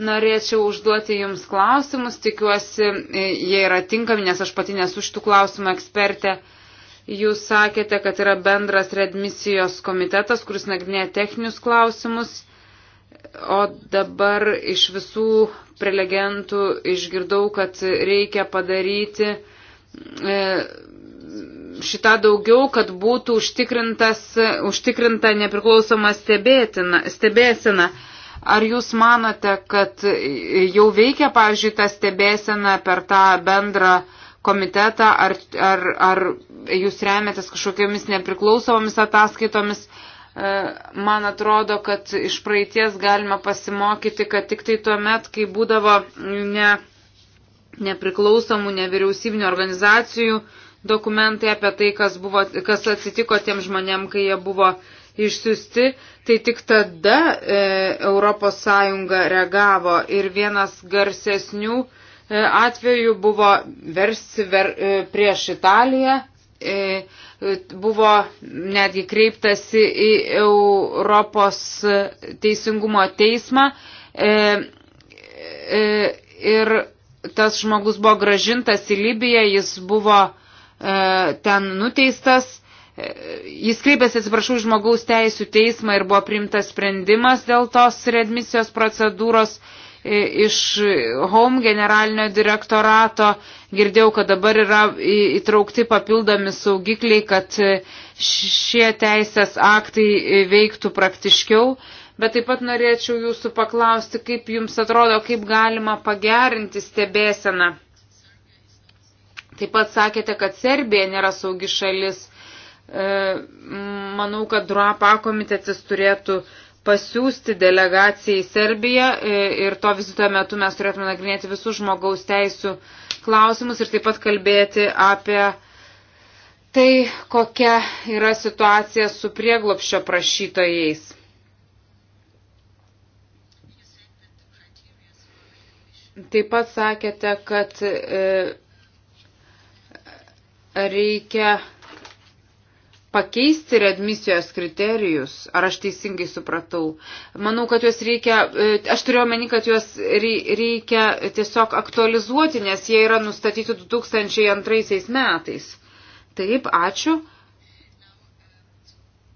norėčiau užduoti Jums klausimus, tikiuosi, e, jie yra tinkami, nes aš pati nesu šitų klausimų ekspertė. Jūs sakėte, kad yra bendras redmisijos komitetas, kuris nagrinėja techninius klausimus, o dabar iš visų prelegentų išgirdau, kad reikia padaryti e, šitą daugiau, kad būtų užtikrinta nepriklausoma stebėsena. Ar jūs manote, kad jau veikia, pavyzdžiui, ta stebėsena per tą bendrą komitetą, ar, ar, ar jūs remiatės kažkokiamis nepriklausomomis ataskaitomis? E, man atrodo, kad iš praeities galima pasimokyti, kad tik tai tuo met, kai būdavo ne, nepriklausomų nevyriausybinio organizacijų dokumentai apie tai, kas, buvo, kas atsitiko tiem žmonėm, kai jie buvo uh, išsiusti, tai tik tada e, ES reagavo ir vienas garsesnių e, atvejų buvo versi ver, e, prieš Italiją, e, buvo netgi kreiptasi į Europos teisingumo teismą e, e, ir tas žmogus buvo gražintas į Libiją, jis buvo e, ten nuteistas Jis kreipėsi, atsiprašau, žmogaus teisų teismą ir buvo primtas sprendimas dėl tos readmisijos procedūros e, iš Home generalinio direktorato. Girdėjau, kad dabar yra įtraukti papildomi saugikliai, kad e, šie teisės aktai e, veiktų praktiškiau. Bet taip pat norėčiau jūsų paklausti, kaip jums atrodo, kaip galima pagerinti stebėseną. Taip pat sakėte, kad Serbija nėra saugi šalis. E, manau, kad DRAPA komitetis turėtų pasiūsti delegaciją į Serbiją e, ir to vizito metu mes turėtume nagrinėti visus žmogaus teisų klausimus ir taip pat kalbėti apie tai, kokia yra situacija su prieglopščio prašytojais. Taip pat sakėte, kad e, reikia pakeisti readmisijos kriterijus, ar aš teisingai supratau. Manau, kad juos reikia, e, aš turiu omeny, kad juos reikia tiesiog aktualizuoti, nes jie yra nustatyti 2002 metais. Taip, ačiū.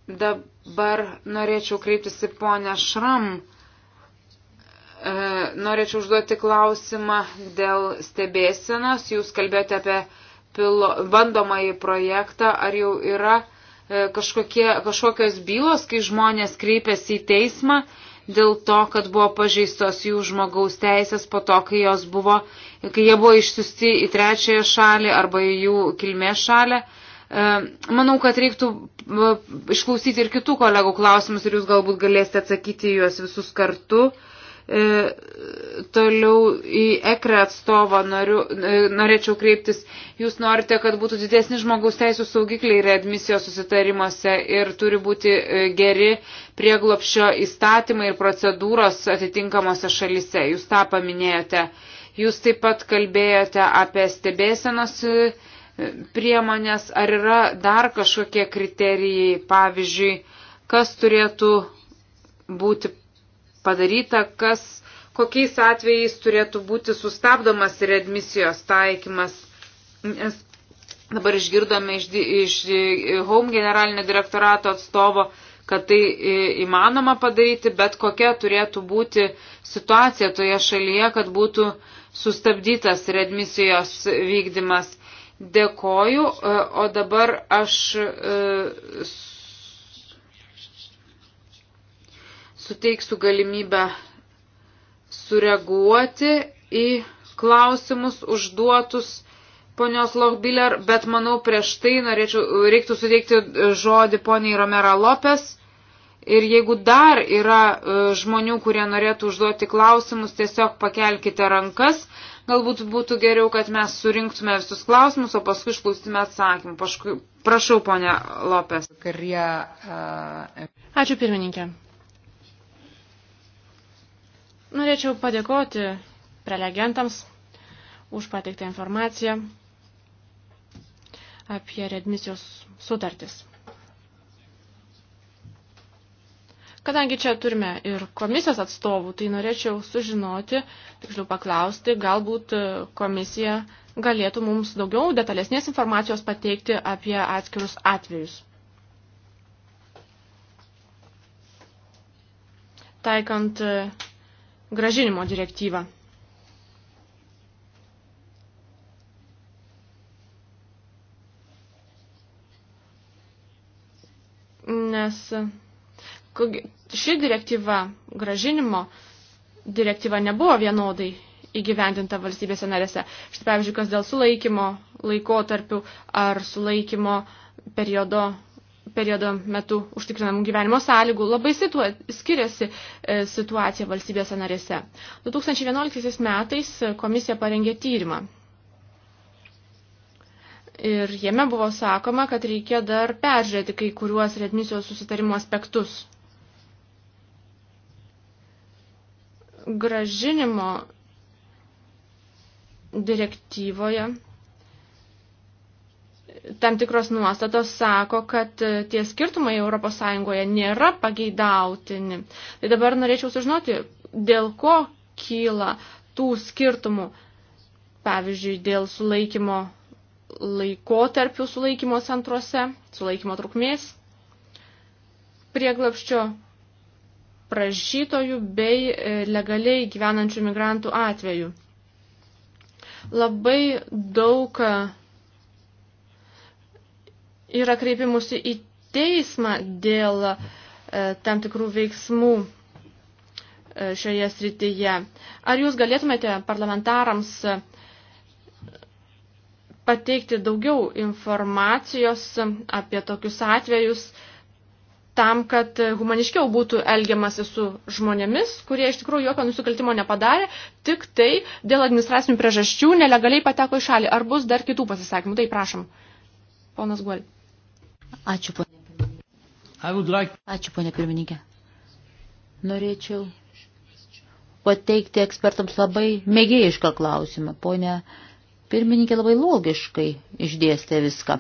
Dabar norėčiau kreiptis į ponę Šram. E, norėčiau užduoti klausimą dėl stebėsenos. Jūs kalbėjote apie pilo, bandomąjį projektą, ar jau yra E, kažkokie, kažkokios bylos, kai žmonės kreipiasi į teismą dėl to, kad buvo pažeistos jų žmogaus teisės po to, kai, buvo, kai jie buvo išsiusti į trečiąją šalį arba į jų kilmės šalį. E, manau, kad reiktų e, išklausyti ir kitų kolegų klausimus ir jūs galbūt galėsite atsakyti juos visus kartu. Uh, E, toliau į ekra atstovą noriu, e, norėčiau kreiptis. Jūs norite, kad būtų didesni žmogaus teisų saugikliai readmisijos susitarimuose ir turi būti e, geri prieglopšio įstatymai ir procedūros atitinkamose šalise. Jūs tą paminėjote. Jūs taip pat kalbėjote apie stebėsenos priemonės. Ar yra dar kažkokie kriterijai, pavyzdžiui, kas turėtų būti padaryta, kas, kokiais atvejais turėtų būti sustabdomas ir admisijos taikymas. Nes dabar išgirdome iš, iš Home generalinio direktorato atstovo, kad tai e, įmanoma padaryti, bet kokia turėtų būti situacija toje šalyje, kad būtų sustabdytas redmisijos vykdymas. Dėkoju, e, o dabar aš e, suteiksiu galimybę sureaguoti į klausimus užduotus ponios Lochbiller, bet manau prieš tai norėčiau, reiktų suteikti žodį poniai Romera Lopes. Ir jeigu dar yra e, žmonių, kurie norėtų užduoti klausimus, tiesiog pakelkite rankas. Galbūt būtų geriau, kad mes surinktume visus klausimus, o paskui išklausytume atsakymą. Prašau, ponia Lopes. Ačiū pirmininkė. Norėčiau padėkoti prelegentams už pateiktą informaciją apie redmisijos sutartis. Kadangi čia turime ir komisijos atstovų, tai norėčiau sužinoti, tiksliau paklausti, galbūt komisija galėtų mums daugiau detalesnės informacijos pateikti apie atskirus atvejus. Taikant gražinimo direktyvą. Nes ši direktyva, gražinimo direktyva nebuvo vienodai įgyvendinta valstybėse narėse. Štai pavyzdžiui, kas dėl sulaikymo laikotarpių ar sulaikymo periodo periodo metu užtikrinamų gyvenimo sąlygų. Labai situa skiriasi e, situacija valstybėse narėse. 2011 metais komisija parengė tyrimą. Ir jame buvo sakoma, kad reikia dar peržiūrėti kai kuriuos redmisijos susitarimo aspektus. Gražinimo direktyvoje tam tikros nuostatos sako, kad e, tie skirtumai ES nėra pageidautini. Tai dabar norėčiau sužinoti, dėl ko kyla tų skirtumų. Pavyzdžiui, dėl sulaikymo laikotarpių sulaikymo centruose, sulaikymo trukmės, prieglapščio prašytojų bei e, legaliai gyvenančių migrantų atveju. Labai daug e, yra kreipimusi į teismą dėl e, tam tikrų veiksmų e, šioje srityje. Ar jūs galėtumėte parlamentarams e, pateikti daugiau informacijos apie tokius atvejus, tam, kad humaniškiau būtų elgiamasi su žmonėmis, kurie iš tikrųjų jokio nusikaltimo nepadarė, tik tai dėl administracinių priežasčių nelegaliai pateko į šalį. Ar bus dar kitų pasisakymų? Tai prašom. Ponas Guolis. Ačiū, ponė like... Ačiū, ponė pirmininkė. Norėčiau pateikti ekspertams labai mėgėjišką klausimą. Ponė pirmininkė labai logiškai išdėstė viską.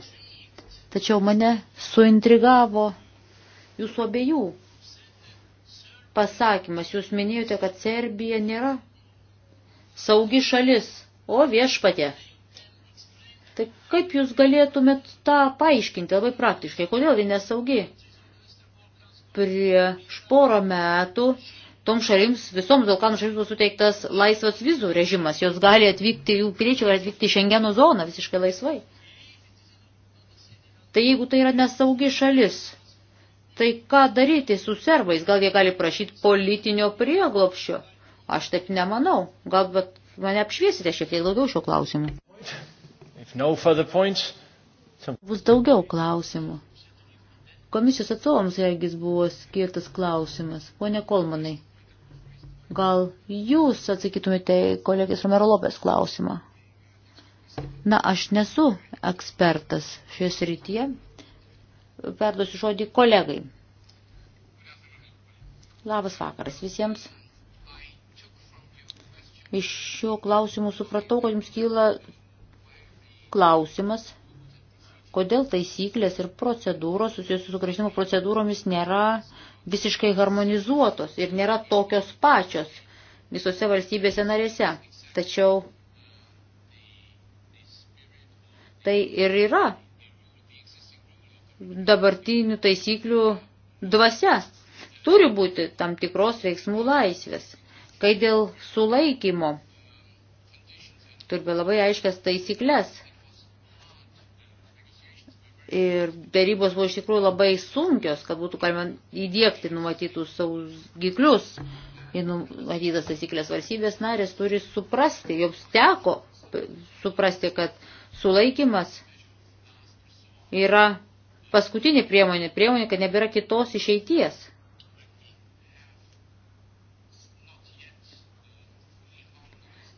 Tačiau mane suintrigavo jūsų abiejų pasakymas. Jūs minėjote, kad Serbija nėra saugi šalis, o viešpatė. Tai kaip jūs galėtumėt tą paaiškinti labai praktiškai, kodėl ji nesaugi? Prieš porą metų tom šalims, visoms Balkanų šalims buvo suteiktas laisvas vizų režimas, jos gali atvykti, jų piliečiai gali atvykti į Šengeno zoną visiškai laisvai. Tai jeigu tai yra nesaugi šalis, tai ką daryti su serbais? Gal jie gali prašyti politinio prieglopščio? Aš taip nemanau. Gal bet mane apšviesite šiek tiek daugiau šio klausimu. No points, some... Bus daugiau klausimų. Komisijos atstovams, jeigu buvo skirtas klausimas, ponė Kolmanai, gal jūs atsakytumėte kolegės Romero Lopės klausimą? Na, aš nesu ekspertas šioje srityje. Perduosiu žodį kolegai. Labas vakaras visiems. Iš šio klausimų supratau, kad jums kyla klausimas, kodėl taisyklės ir procedūros susijusios su grąžinimo procedūromis nėra visiškai harmonizuotos ir nėra tokios pačios visose valstybėse narėse. Tačiau tai ir yra dabartinių taisyklių dvasia. Turi būti tam tikros veiksmų laisvės. Kai dėl sulaikymo turime labai aiškias taisyklės, Ir darybos buvo iš tikrųjų labai sunkios, kad būtų galima įdėkti numatytus saugiklius. Į numatytas taisyklės valstybės narės turi suprasti, joms teko suprasti, kad sulaikimas yra paskutinė priemonė, priemonė, kad nebėra kitos išeities.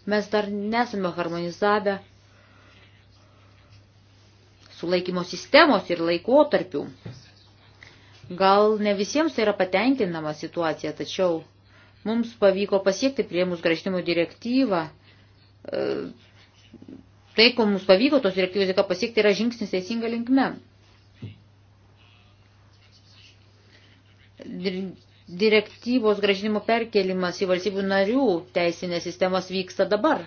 Mes dar nesame harmonizavę sulaikymo sistemos ir laikotarpių. Gal ne visiems tai yra patenkinama situacija, tačiau mums pavyko pasiekti prie mūsų gražinimo direktyvą. E, tai, ko mums pavyko tos direktyvos dėka pasiekti, yra žingsnis teisinga linkme. Direktyvos gražinimo perkelimas į valstybių narių teisinės sistemas vyksta dabar.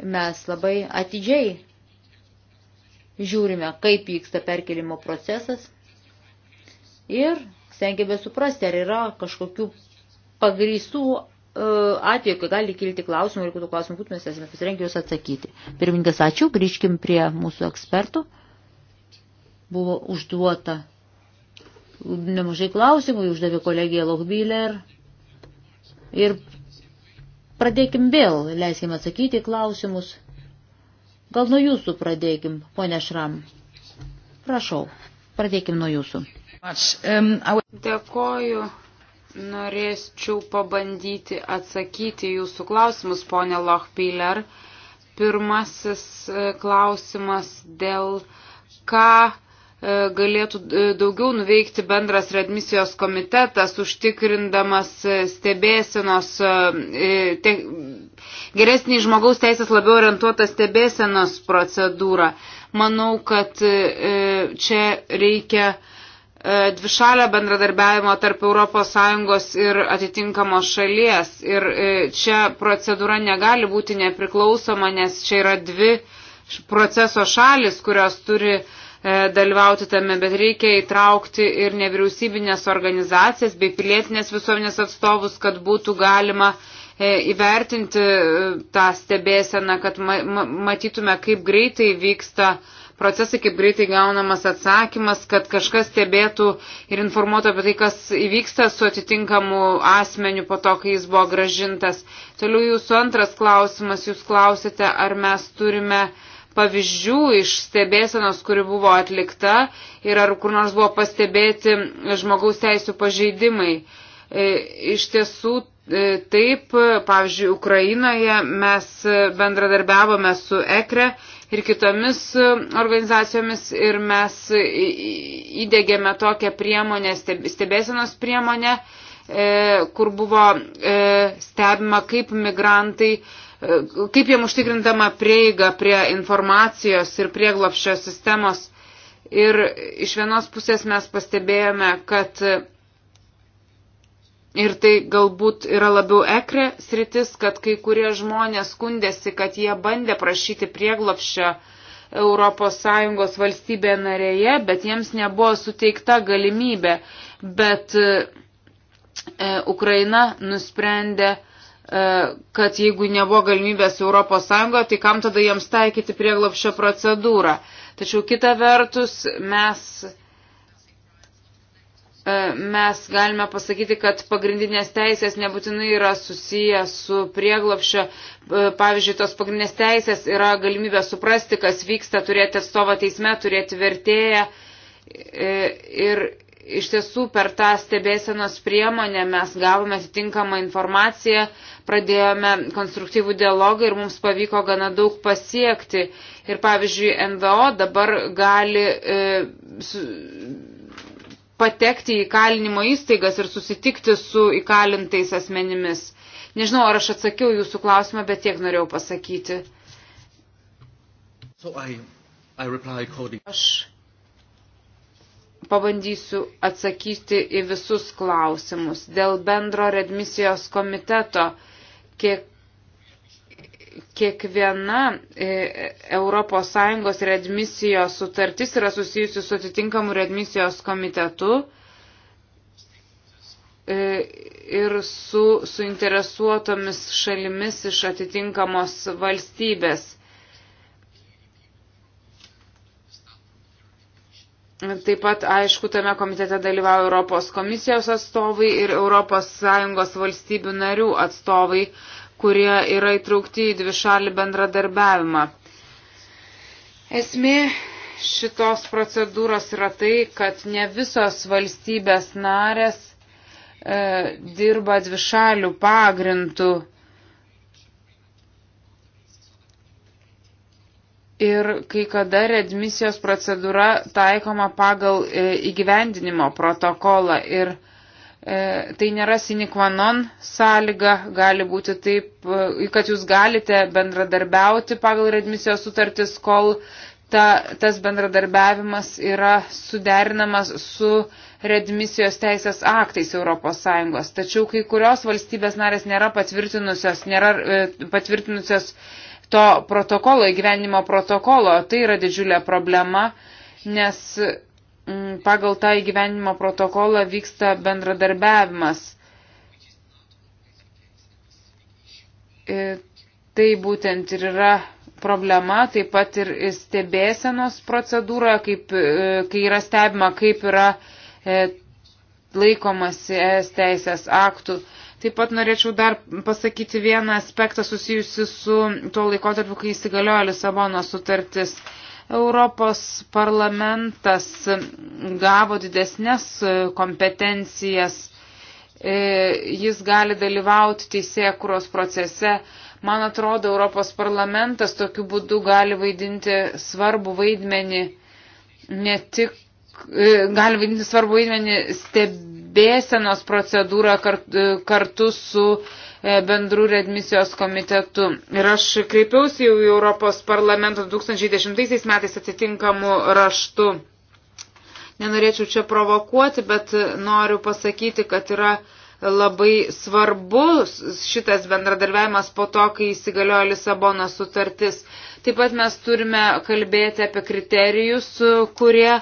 Mes labai atidžiai žiūrime, kaip vyksta perkelimo procesas ir stengiame suprasti, ar yra kažkokių pagrįstų e, atveju, kai gali kilti klausimų, jeigu tų klausimų būtume, esame pasirengę jūs atsakyti. Pirmininkas, ačiū, grįžkim prie mūsų ekspertų. Buvo užduota nemažai klausimų, uždavė kolegija Lochbiller. Ir pradėkim vėl, leiskime atsakyti klausimus. Gal nuo jūsų pradėkim, ponė Šram. Prašau, pradėkim nuo jūsų. Um, Dėkoju. Norėčiau pabandyti atsakyti jūsų klausimus, ponė Lochpiller. Pirmasis e, klausimas dėl ką E, galėtų e, daugiau nuveikti bendras readmisijos komitetas, užtikrindamas e, stebėsenos, te, geresnį žmogaus teisės labiau orientuotą stebėsenos procedūrą. Manau, kad čia reikia dvišalio bendradarbiavimo tarp ES ir atitinkamos šalies. Ir čia procedūra negali būti nepriklausoma, nes čia yra dvi proceso šalis, kurios turi uh, E, dalyvauti tame, bet reikia įtraukti ir nevyriausybinės organizacijas bei pilietinės visuomenės atstovus, kad būtų galima e, įvertinti e, tą stebėseną, kad matytume, kaip greitai vyksta procesai, kaip greitai gaunamas atsakymas, kad kažkas stebėtų ir informuotų apie tai, kas įvyksta su atitinkamu asmeniu po to, kai jis buvo gražintas. Toliau jūsų antras klausimas, jūs klausite, ar mes turime uh, pavyzdžių iš stebėsenos, kuri buvo atlikta ir ar kur nors buvo pastebėti žmogaus teisų pažeidimai. E, iš tiesų e, taip, pavyzdžiui, Ukrainoje mes bendradarbiavome su ECRE ir kitomis organizacijomis ir mes įdėgėme tokią priemonę, stebėsenos priemonę, e, kur buvo stebima, kaip migrantai kaip jiem užtikrintama prieiga prie informacijos ir prieglopščio sistemos. Ir iš vienos pusės mes pastebėjome, kad ir tai galbūt yra labiau ekre sritis, kad kai kurie žmonės skundėsi, kad jie bandė prašyti prieglopščio ES valstybė narėje, bet jiems nebuvo suteikta galimybė. Bet e, Ukraina nusprendė E, kad jeigu nebuvo galimybės Europos Sąjungoje, tai kam tada jiems taikyti prieglopščio procedūrą. Tačiau kita vertus, mes, e, mes galime pasakyti, kad pagrindinės teisės nebūtinai yra susiję su prieglopščio. E, pavyzdžiui, tos pagrindinės teisės yra galimybė suprasti, kas vyksta, turėti atstovą teisme, turėti vertėją. Ir, iš tiesų per tą stebėsenos priemonę mes gavome atitinkamą informaciją, pradėjome konstruktyvų dialogą ir mums pavyko gana daug pasiekti. Ir pavyzdžiui, NVO dabar gali e, su, patekti į kalinimo įstaigas ir susitikti su įkalintais asmenimis. Nežinau, ar aš atsakiau jūsų klausimą, bet tiek norėjau pasakyti. So I, I reply, Aš pabandysiu atsakyti į visus klausimus. Dėl bendro redmisijos komiteto, kiek, kiekviena ES redmisijos sutartis yra susijusi su atitinkamu redmisijos komitetu e, ir su suinteresuotomis šalimis iš atitinkamos valstybės. Taip pat, aišku, tame komitete dalyvauja Europos komisijos atstovai ir ES valstybių narių atstovai, kurie yra įtraukti į dvišalį bendradarbiavimą. Esmė šitos procedūros yra tai, kad ne visos valstybės narės e, dirba dvišalių pagrindų ir kai kada redmisijos procedūra taikoma pagal e, įgyvendinimo protokolą ir e, tai nėra sinikvanon sąlyga, gali būti taip, e, kad jūs galite bendradarbiauti pagal redmisijos sutartis, kol ta, tas bendradarbiavimas yra suderinamas su redmisijos teisės aktais ES. Tačiau kai kurios valstybės narės nėra patvirtinusios, nėra patvirtinusios to protokolo, įgyvenimo protokolo. Tai yra didžiulė problema, nes mm, pagal tą įgyvenimo protokolą vyksta bendradarbiavimas. E, tai būtent ir yra problema, taip pat ir stebėsenos procedūra, kaip, e, kai yra stebima, kaip yra e, laikomasi es teisės aktų. Taip pat norėčiau dar pasakyti vieną aspektą susijusi su tuo laikotarpiu, kai įsigaliojo Lisabono sutartis. Europos parlamentas gavo didesnės kompetencijas, e, jis gali dalyvauti teisėkuros procese. Man atrodo, Europos parlamentas tokiu būdu gali vaidinti svarbų vaidmenį ne tik e, gali vaidinti svarbu vaidmenį steb, stebėsenos procedūrą e, kartu su e, bendrų redmisijos komitetu. Ir aš kreipiausi jau į Europos parlamentą 2010 metais atitinkamu raštu. Nenorėčiau čia provokuoti, bet noriu pasakyti, kad yra labai svarbus šitas bendradarbiavimas po to, kai įsigaliojo Lisabono sutartis. Taip pat mes turime kalbėti apie kriterijus, kurie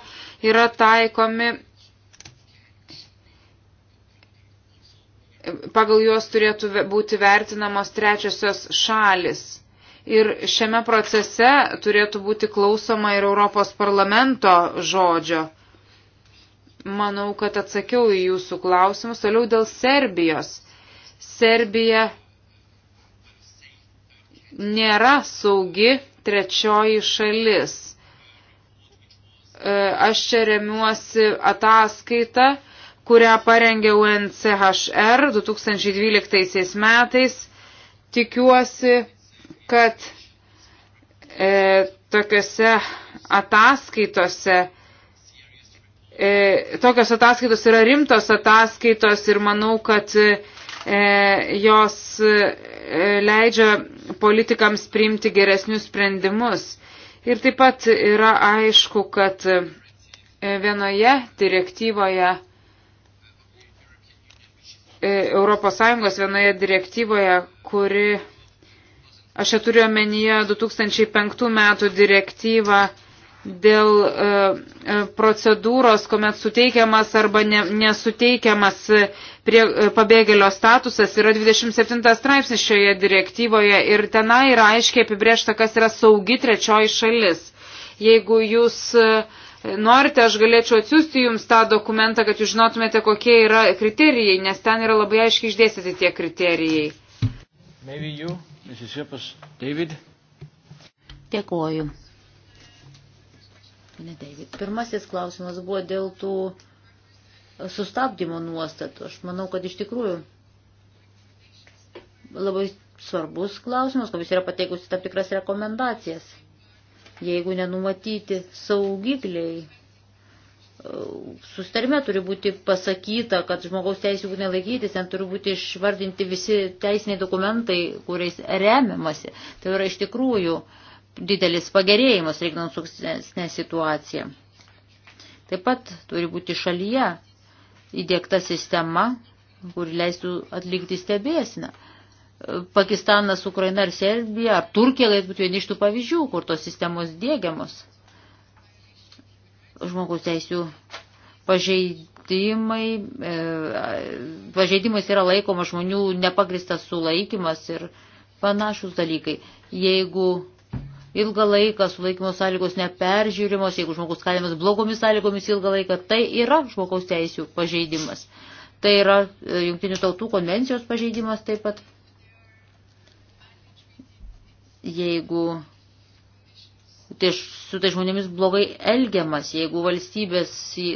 yra taikomi pagal juos turėtų būti vertinamos trečiosios šalis. Ir šiame procese turėtų būti klausoma ir Europos parlamento žodžio. Manau, kad atsakiau į jūsų klausimus. Toliau dėl Serbijos. Serbija nėra saugi trečioji šalis. E, aš čia remiuosi ataskaitą kurią parengė UNCHR 2012 metais. Tikiuosi, kad e, tokiuose ataskaitose, e, tokios ataskaitos yra rimtos ataskaitos ir manau, kad e, jos e, leidžia politikams priimti geresnius sprendimus. Ir taip pat yra aišku, kad e, vienoje direktyvoje ES vienoje direktyvoje, kuri, aš čia turiu omenyje 2005 metų direktyvą dėl e, e, procedūros, kuomet suteikiamas arba ne, nesuteikiamas e, prie, e, pabėgėlio statusas, yra 27 straipsnis šioje direktyvoje ir tenai yra aiškiai apibriešta, kas yra saugi trečioji šalis. Jeigu jūs e, norite, aš galėčiau atsiųsti jums tą dokumentą, kad jūs žinotumėte, kokie yra kriterijai, nes ten yra labai aiškiai išdėstyti tie kriterijai. Maybe you, Mrs. Hippos, David. Dėkoju. Ne, David. Pirmasis klausimas buvo dėl tų sustabdymo nuostatų. Aš manau, kad iš tikrųjų labai svarbus klausimas, komisija yra pateikusi tam tikras rekomendacijas jeigu nenumatyti saugikliai. Sustarime turi būti pasakyta, kad žmogaus teisų būtų nelaikytis, ten turi būti išvardinti visi teisiniai dokumentai, kuriais remiamasi. Tai yra iš tikrųjų didelis pagerėjimas, reikdant suksesnę situaciją. Taip pat turi būti šalyje įdėkta sistema, kuri leistų atlikti stebėsiną. Pakistanas, Ukraina ar Serbija, ar Turkija galėtų būti vieni iš tų pavyzdžių, kur tos sistemos dėgiamos. Žmogaus teisių pažeidimai, e, pažeidimais yra laikoma žmonių nepagristas sulaikimas ir panašus dalykai. Jeigu ilgą laiką sulaikymo sąlygos neperžiūrimos, jeigu žmogus kalinamas blogomis sąlygomis ilgą laiką, tai yra žmogaus teisių pažeidimas. Tai yra e, jungtinių tautų konvencijos pažeidimas taip pat jeigu tai su tai žmonėmis blogai elgiamas, jeigu valstybės,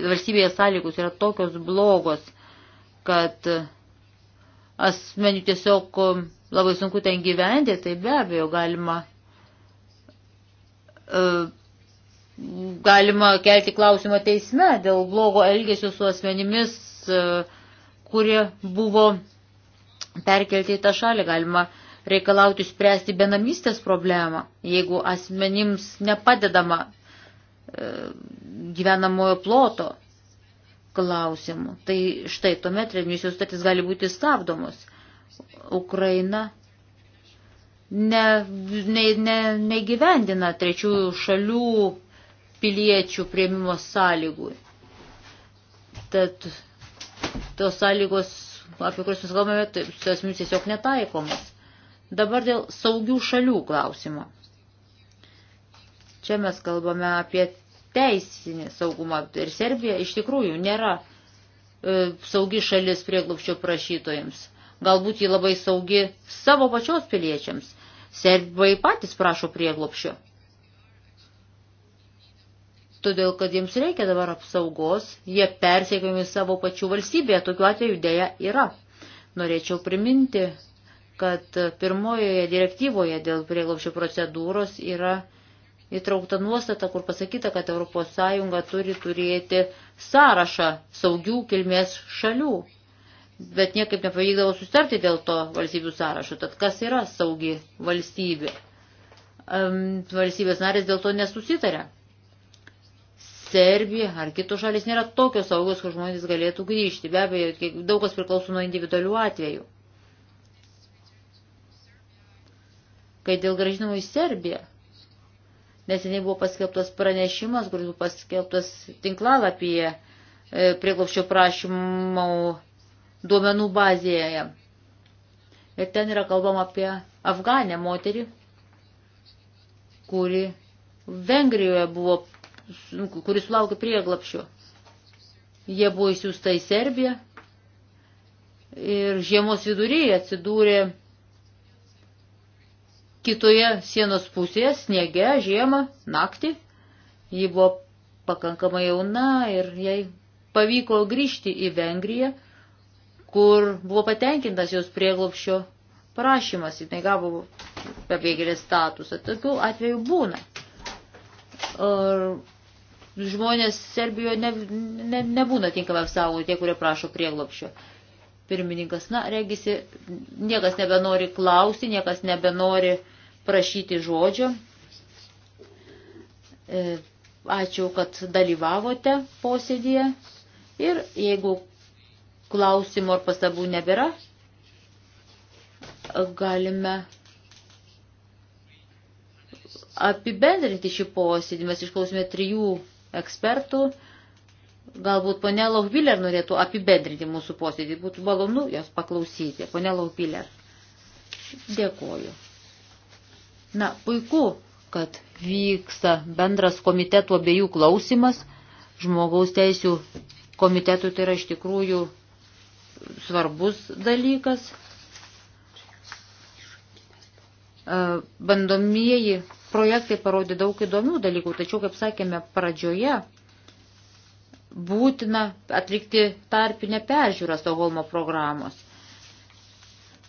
valstybėje sąlygos yra tokios blogos, kad asmenių tiesiog um, labai sunku ten gyventi, tai be abejo galima, e, galima kelti klausimą teisme dėl blogo elgesio su asmenimis, e, kurie buvo perkelti į tą šalį. Galima reikalauti spręsti benamystės problemą, jeigu asmenims nepadedama e, gyvenamojo ploto klausimų. Tai štai tuomet remisijos sutartys gali būti stabdomos. Ukraina negyvendina ne, ne, ne trečiųjų šalių piliečių prieimimo sąlygų. Tad tos sąlygos, apie kurias mes kalbame, tai asmenims tiesiog netaikomos. Dabar dėl saugių šalių klausimo. Čia mes kalbame apie teisinį saugumą ir Serbija iš tikrųjų nėra e, saugi šalis prieglupščio prašytojams. Galbūt ji labai saugi savo pačios piliečiams. Serbai patys prašo prieglupščio. Todėl, kad jiems reikia dabar apsaugos, jie persiekiami savo pačių valstybėje, tokiu atveju dėja yra. Norėčiau priminti kad pirmojoje direktyvoje dėl prieglaušio procedūros yra įtraukta nuostata, kur pasakyta, kad ES turi turėti sąrašą saugių kilmės šalių. Bet niekaip nepavykdavo sustarti dėl to valstybių sąrašo. Tad kas yra saugi valstybė? Valstybės narės dėl to nesusitarė. Serbija ar kitos šalis nėra tokios saugios, kur žmonės galėtų grįžti. Be abejo, daug kas priklauso nuo individualių atvejų. kai dėl gražinimo į Serbiją. Neseniai buvo paskelbtas pranešimas, kuris buvo paskelbtas tinklalapyje e, prieglopščio prašymų duomenų bazėje. Ir ten yra kalbama apie Afganę moterį, kuri Vengrijoje buvo, kuris sulaukė prieglapščio. Jie buvo įsiųsta į Serbiją ir žiemos viduryje atsidūrė kitoje sienos pusėje sniege, žiemą, naktį. Ji buvo pakankamai jauna ir jai pavyko grįžti į Vengriją, kur buvo patenkintas jos prieglopščio prašymas, jinai gavo pabėgėlės statusą. Tokių atvejų būna. Ar žmonės Serbijoje ne, ne, nebūna tinkamai apsaugoti tie, kurie prašo prieglopščio. Pirmininkas, na, regisi, niekas nebenori klausti, niekas nebenori prašyti žodžio. E, ačiū, kad dalyvavote posėdėje ir jeigu klausimų ar pastabų nebėra, galime apibendrinti šį posėdį. Mes išklausime trijų ekspertų. Galbūt ponė Lauhbiller norėtų apibendrinti mūsų posėdį. Būtų malonu jos paklausyti. Ponė Lauhbiller. Dėkuoju. Na, puiku, kad vyksta bendras komitetų abiejų klausimas. Žmogaus teisų komitetų tai yra iš tikrųjų svarbus dalykas. E, bandomieji projektai parodė daug įdomių dalykų, tačiau, kaip sakėme pradžioje, būtina atlikti tarpinę peržiūrą Stokholmo programos.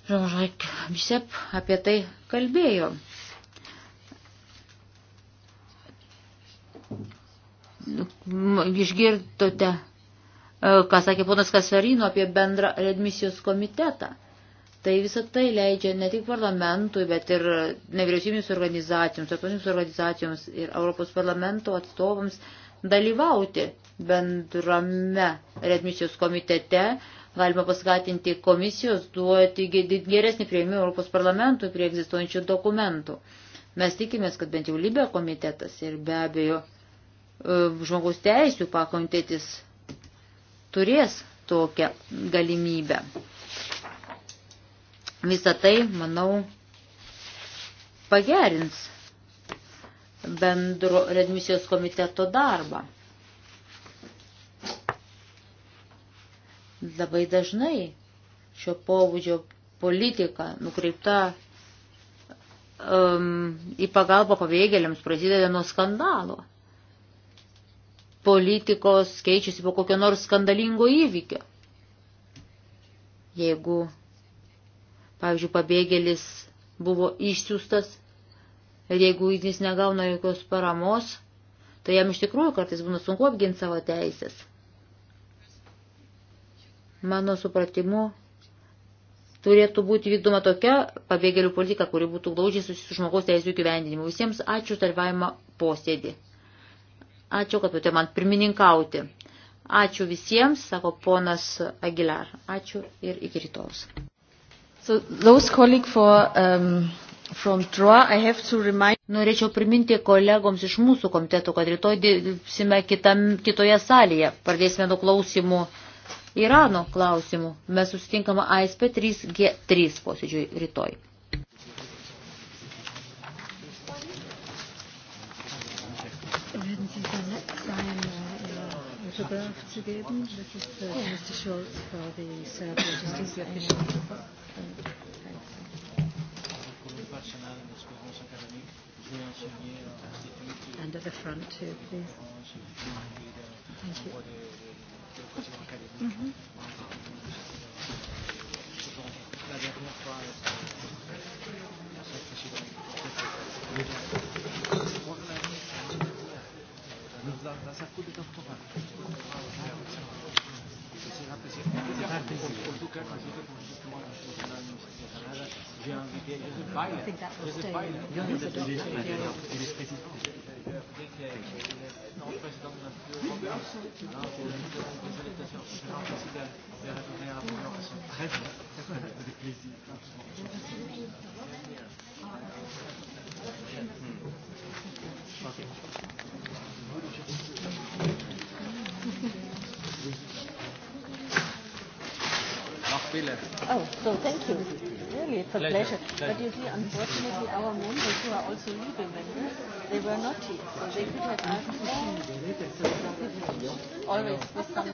Žinoma, Bisep apie tai kalbėjo. išgirdote, e, ką sakė ponas Kasarino apie bendrą redmisijos komitetą. Tai visą tai leidžia ne tik parlamentui, bet ir nevyriausybinėms organizacijoms, tarptautinėms organizacijoms ir Europos parlamento atstovams dalyvauti bendrame redmisijos komitete. Galima paskatinti komisijos duoti geresnį prieimimą Europos parlamentui prie egzistuojančių dokumentų. Mes tikimės, kad bent jau Libė komitetas ir be abejo E, žmogaus teisų pakomitetis turės tokią galimybę. Visą tai, manau, pagerins bendro redmisijos komiteto darbą. Labai dažnai šio pobūdžio politika nukreipta um, į pagalbą pavėgėliams prasideda nuo skandalo politikos keičiasi po kokio nors skandalingo įvykio. Jeigu, pavyzdžiui, pabėgėlis buvo išsiųstas ir jeigu jis negauna jokios paramos, tai jam iš tikrųjų kartais būna sunku apginti savo teisės. Mano supratimu, turėtų būti vykdoma tokia pabėgėlių politika, kuri būtų glaudžiai susijusi su žmogaus teisų gyvendinimu. Visiems ačiū dalyvavimą posėdį. Ačiū, kad būtė man pirmininkauti. Ačiū visiems, sako ponas Aguilar. Ačiū ir iki rytojus. So, those colleague for, um, from TROA, I have to remind... Norėčiau priminti kolegoms iš mūsų komiteto, kad rytoj dirbsime kitam, kitoje salėje. Pradėsime nuo klausimų Irano klausimų. Mes susitinkame ASP 3G3 posėdžiui rytoj. photograph to geben. This is uh, yeah. Mr. Schultz for the Serb Justice Official. And at the front too, please. Thank you. Mm-hmm. la sacco di Tortovato. J'ai invité Joseph Bail. Joseph Bail, il est président. Non, président de la Robert. Des félicitations. Je vais en préciser les répondre à la première question. Très bien. Avec plaisir. Okay. Wheeler. Oh, so thank you. Really, it's a pleasure. pleasure. pleasure. But you see, unfortunately, our members who are also leaving, members, they were not here, so they could have asked me. Always with some.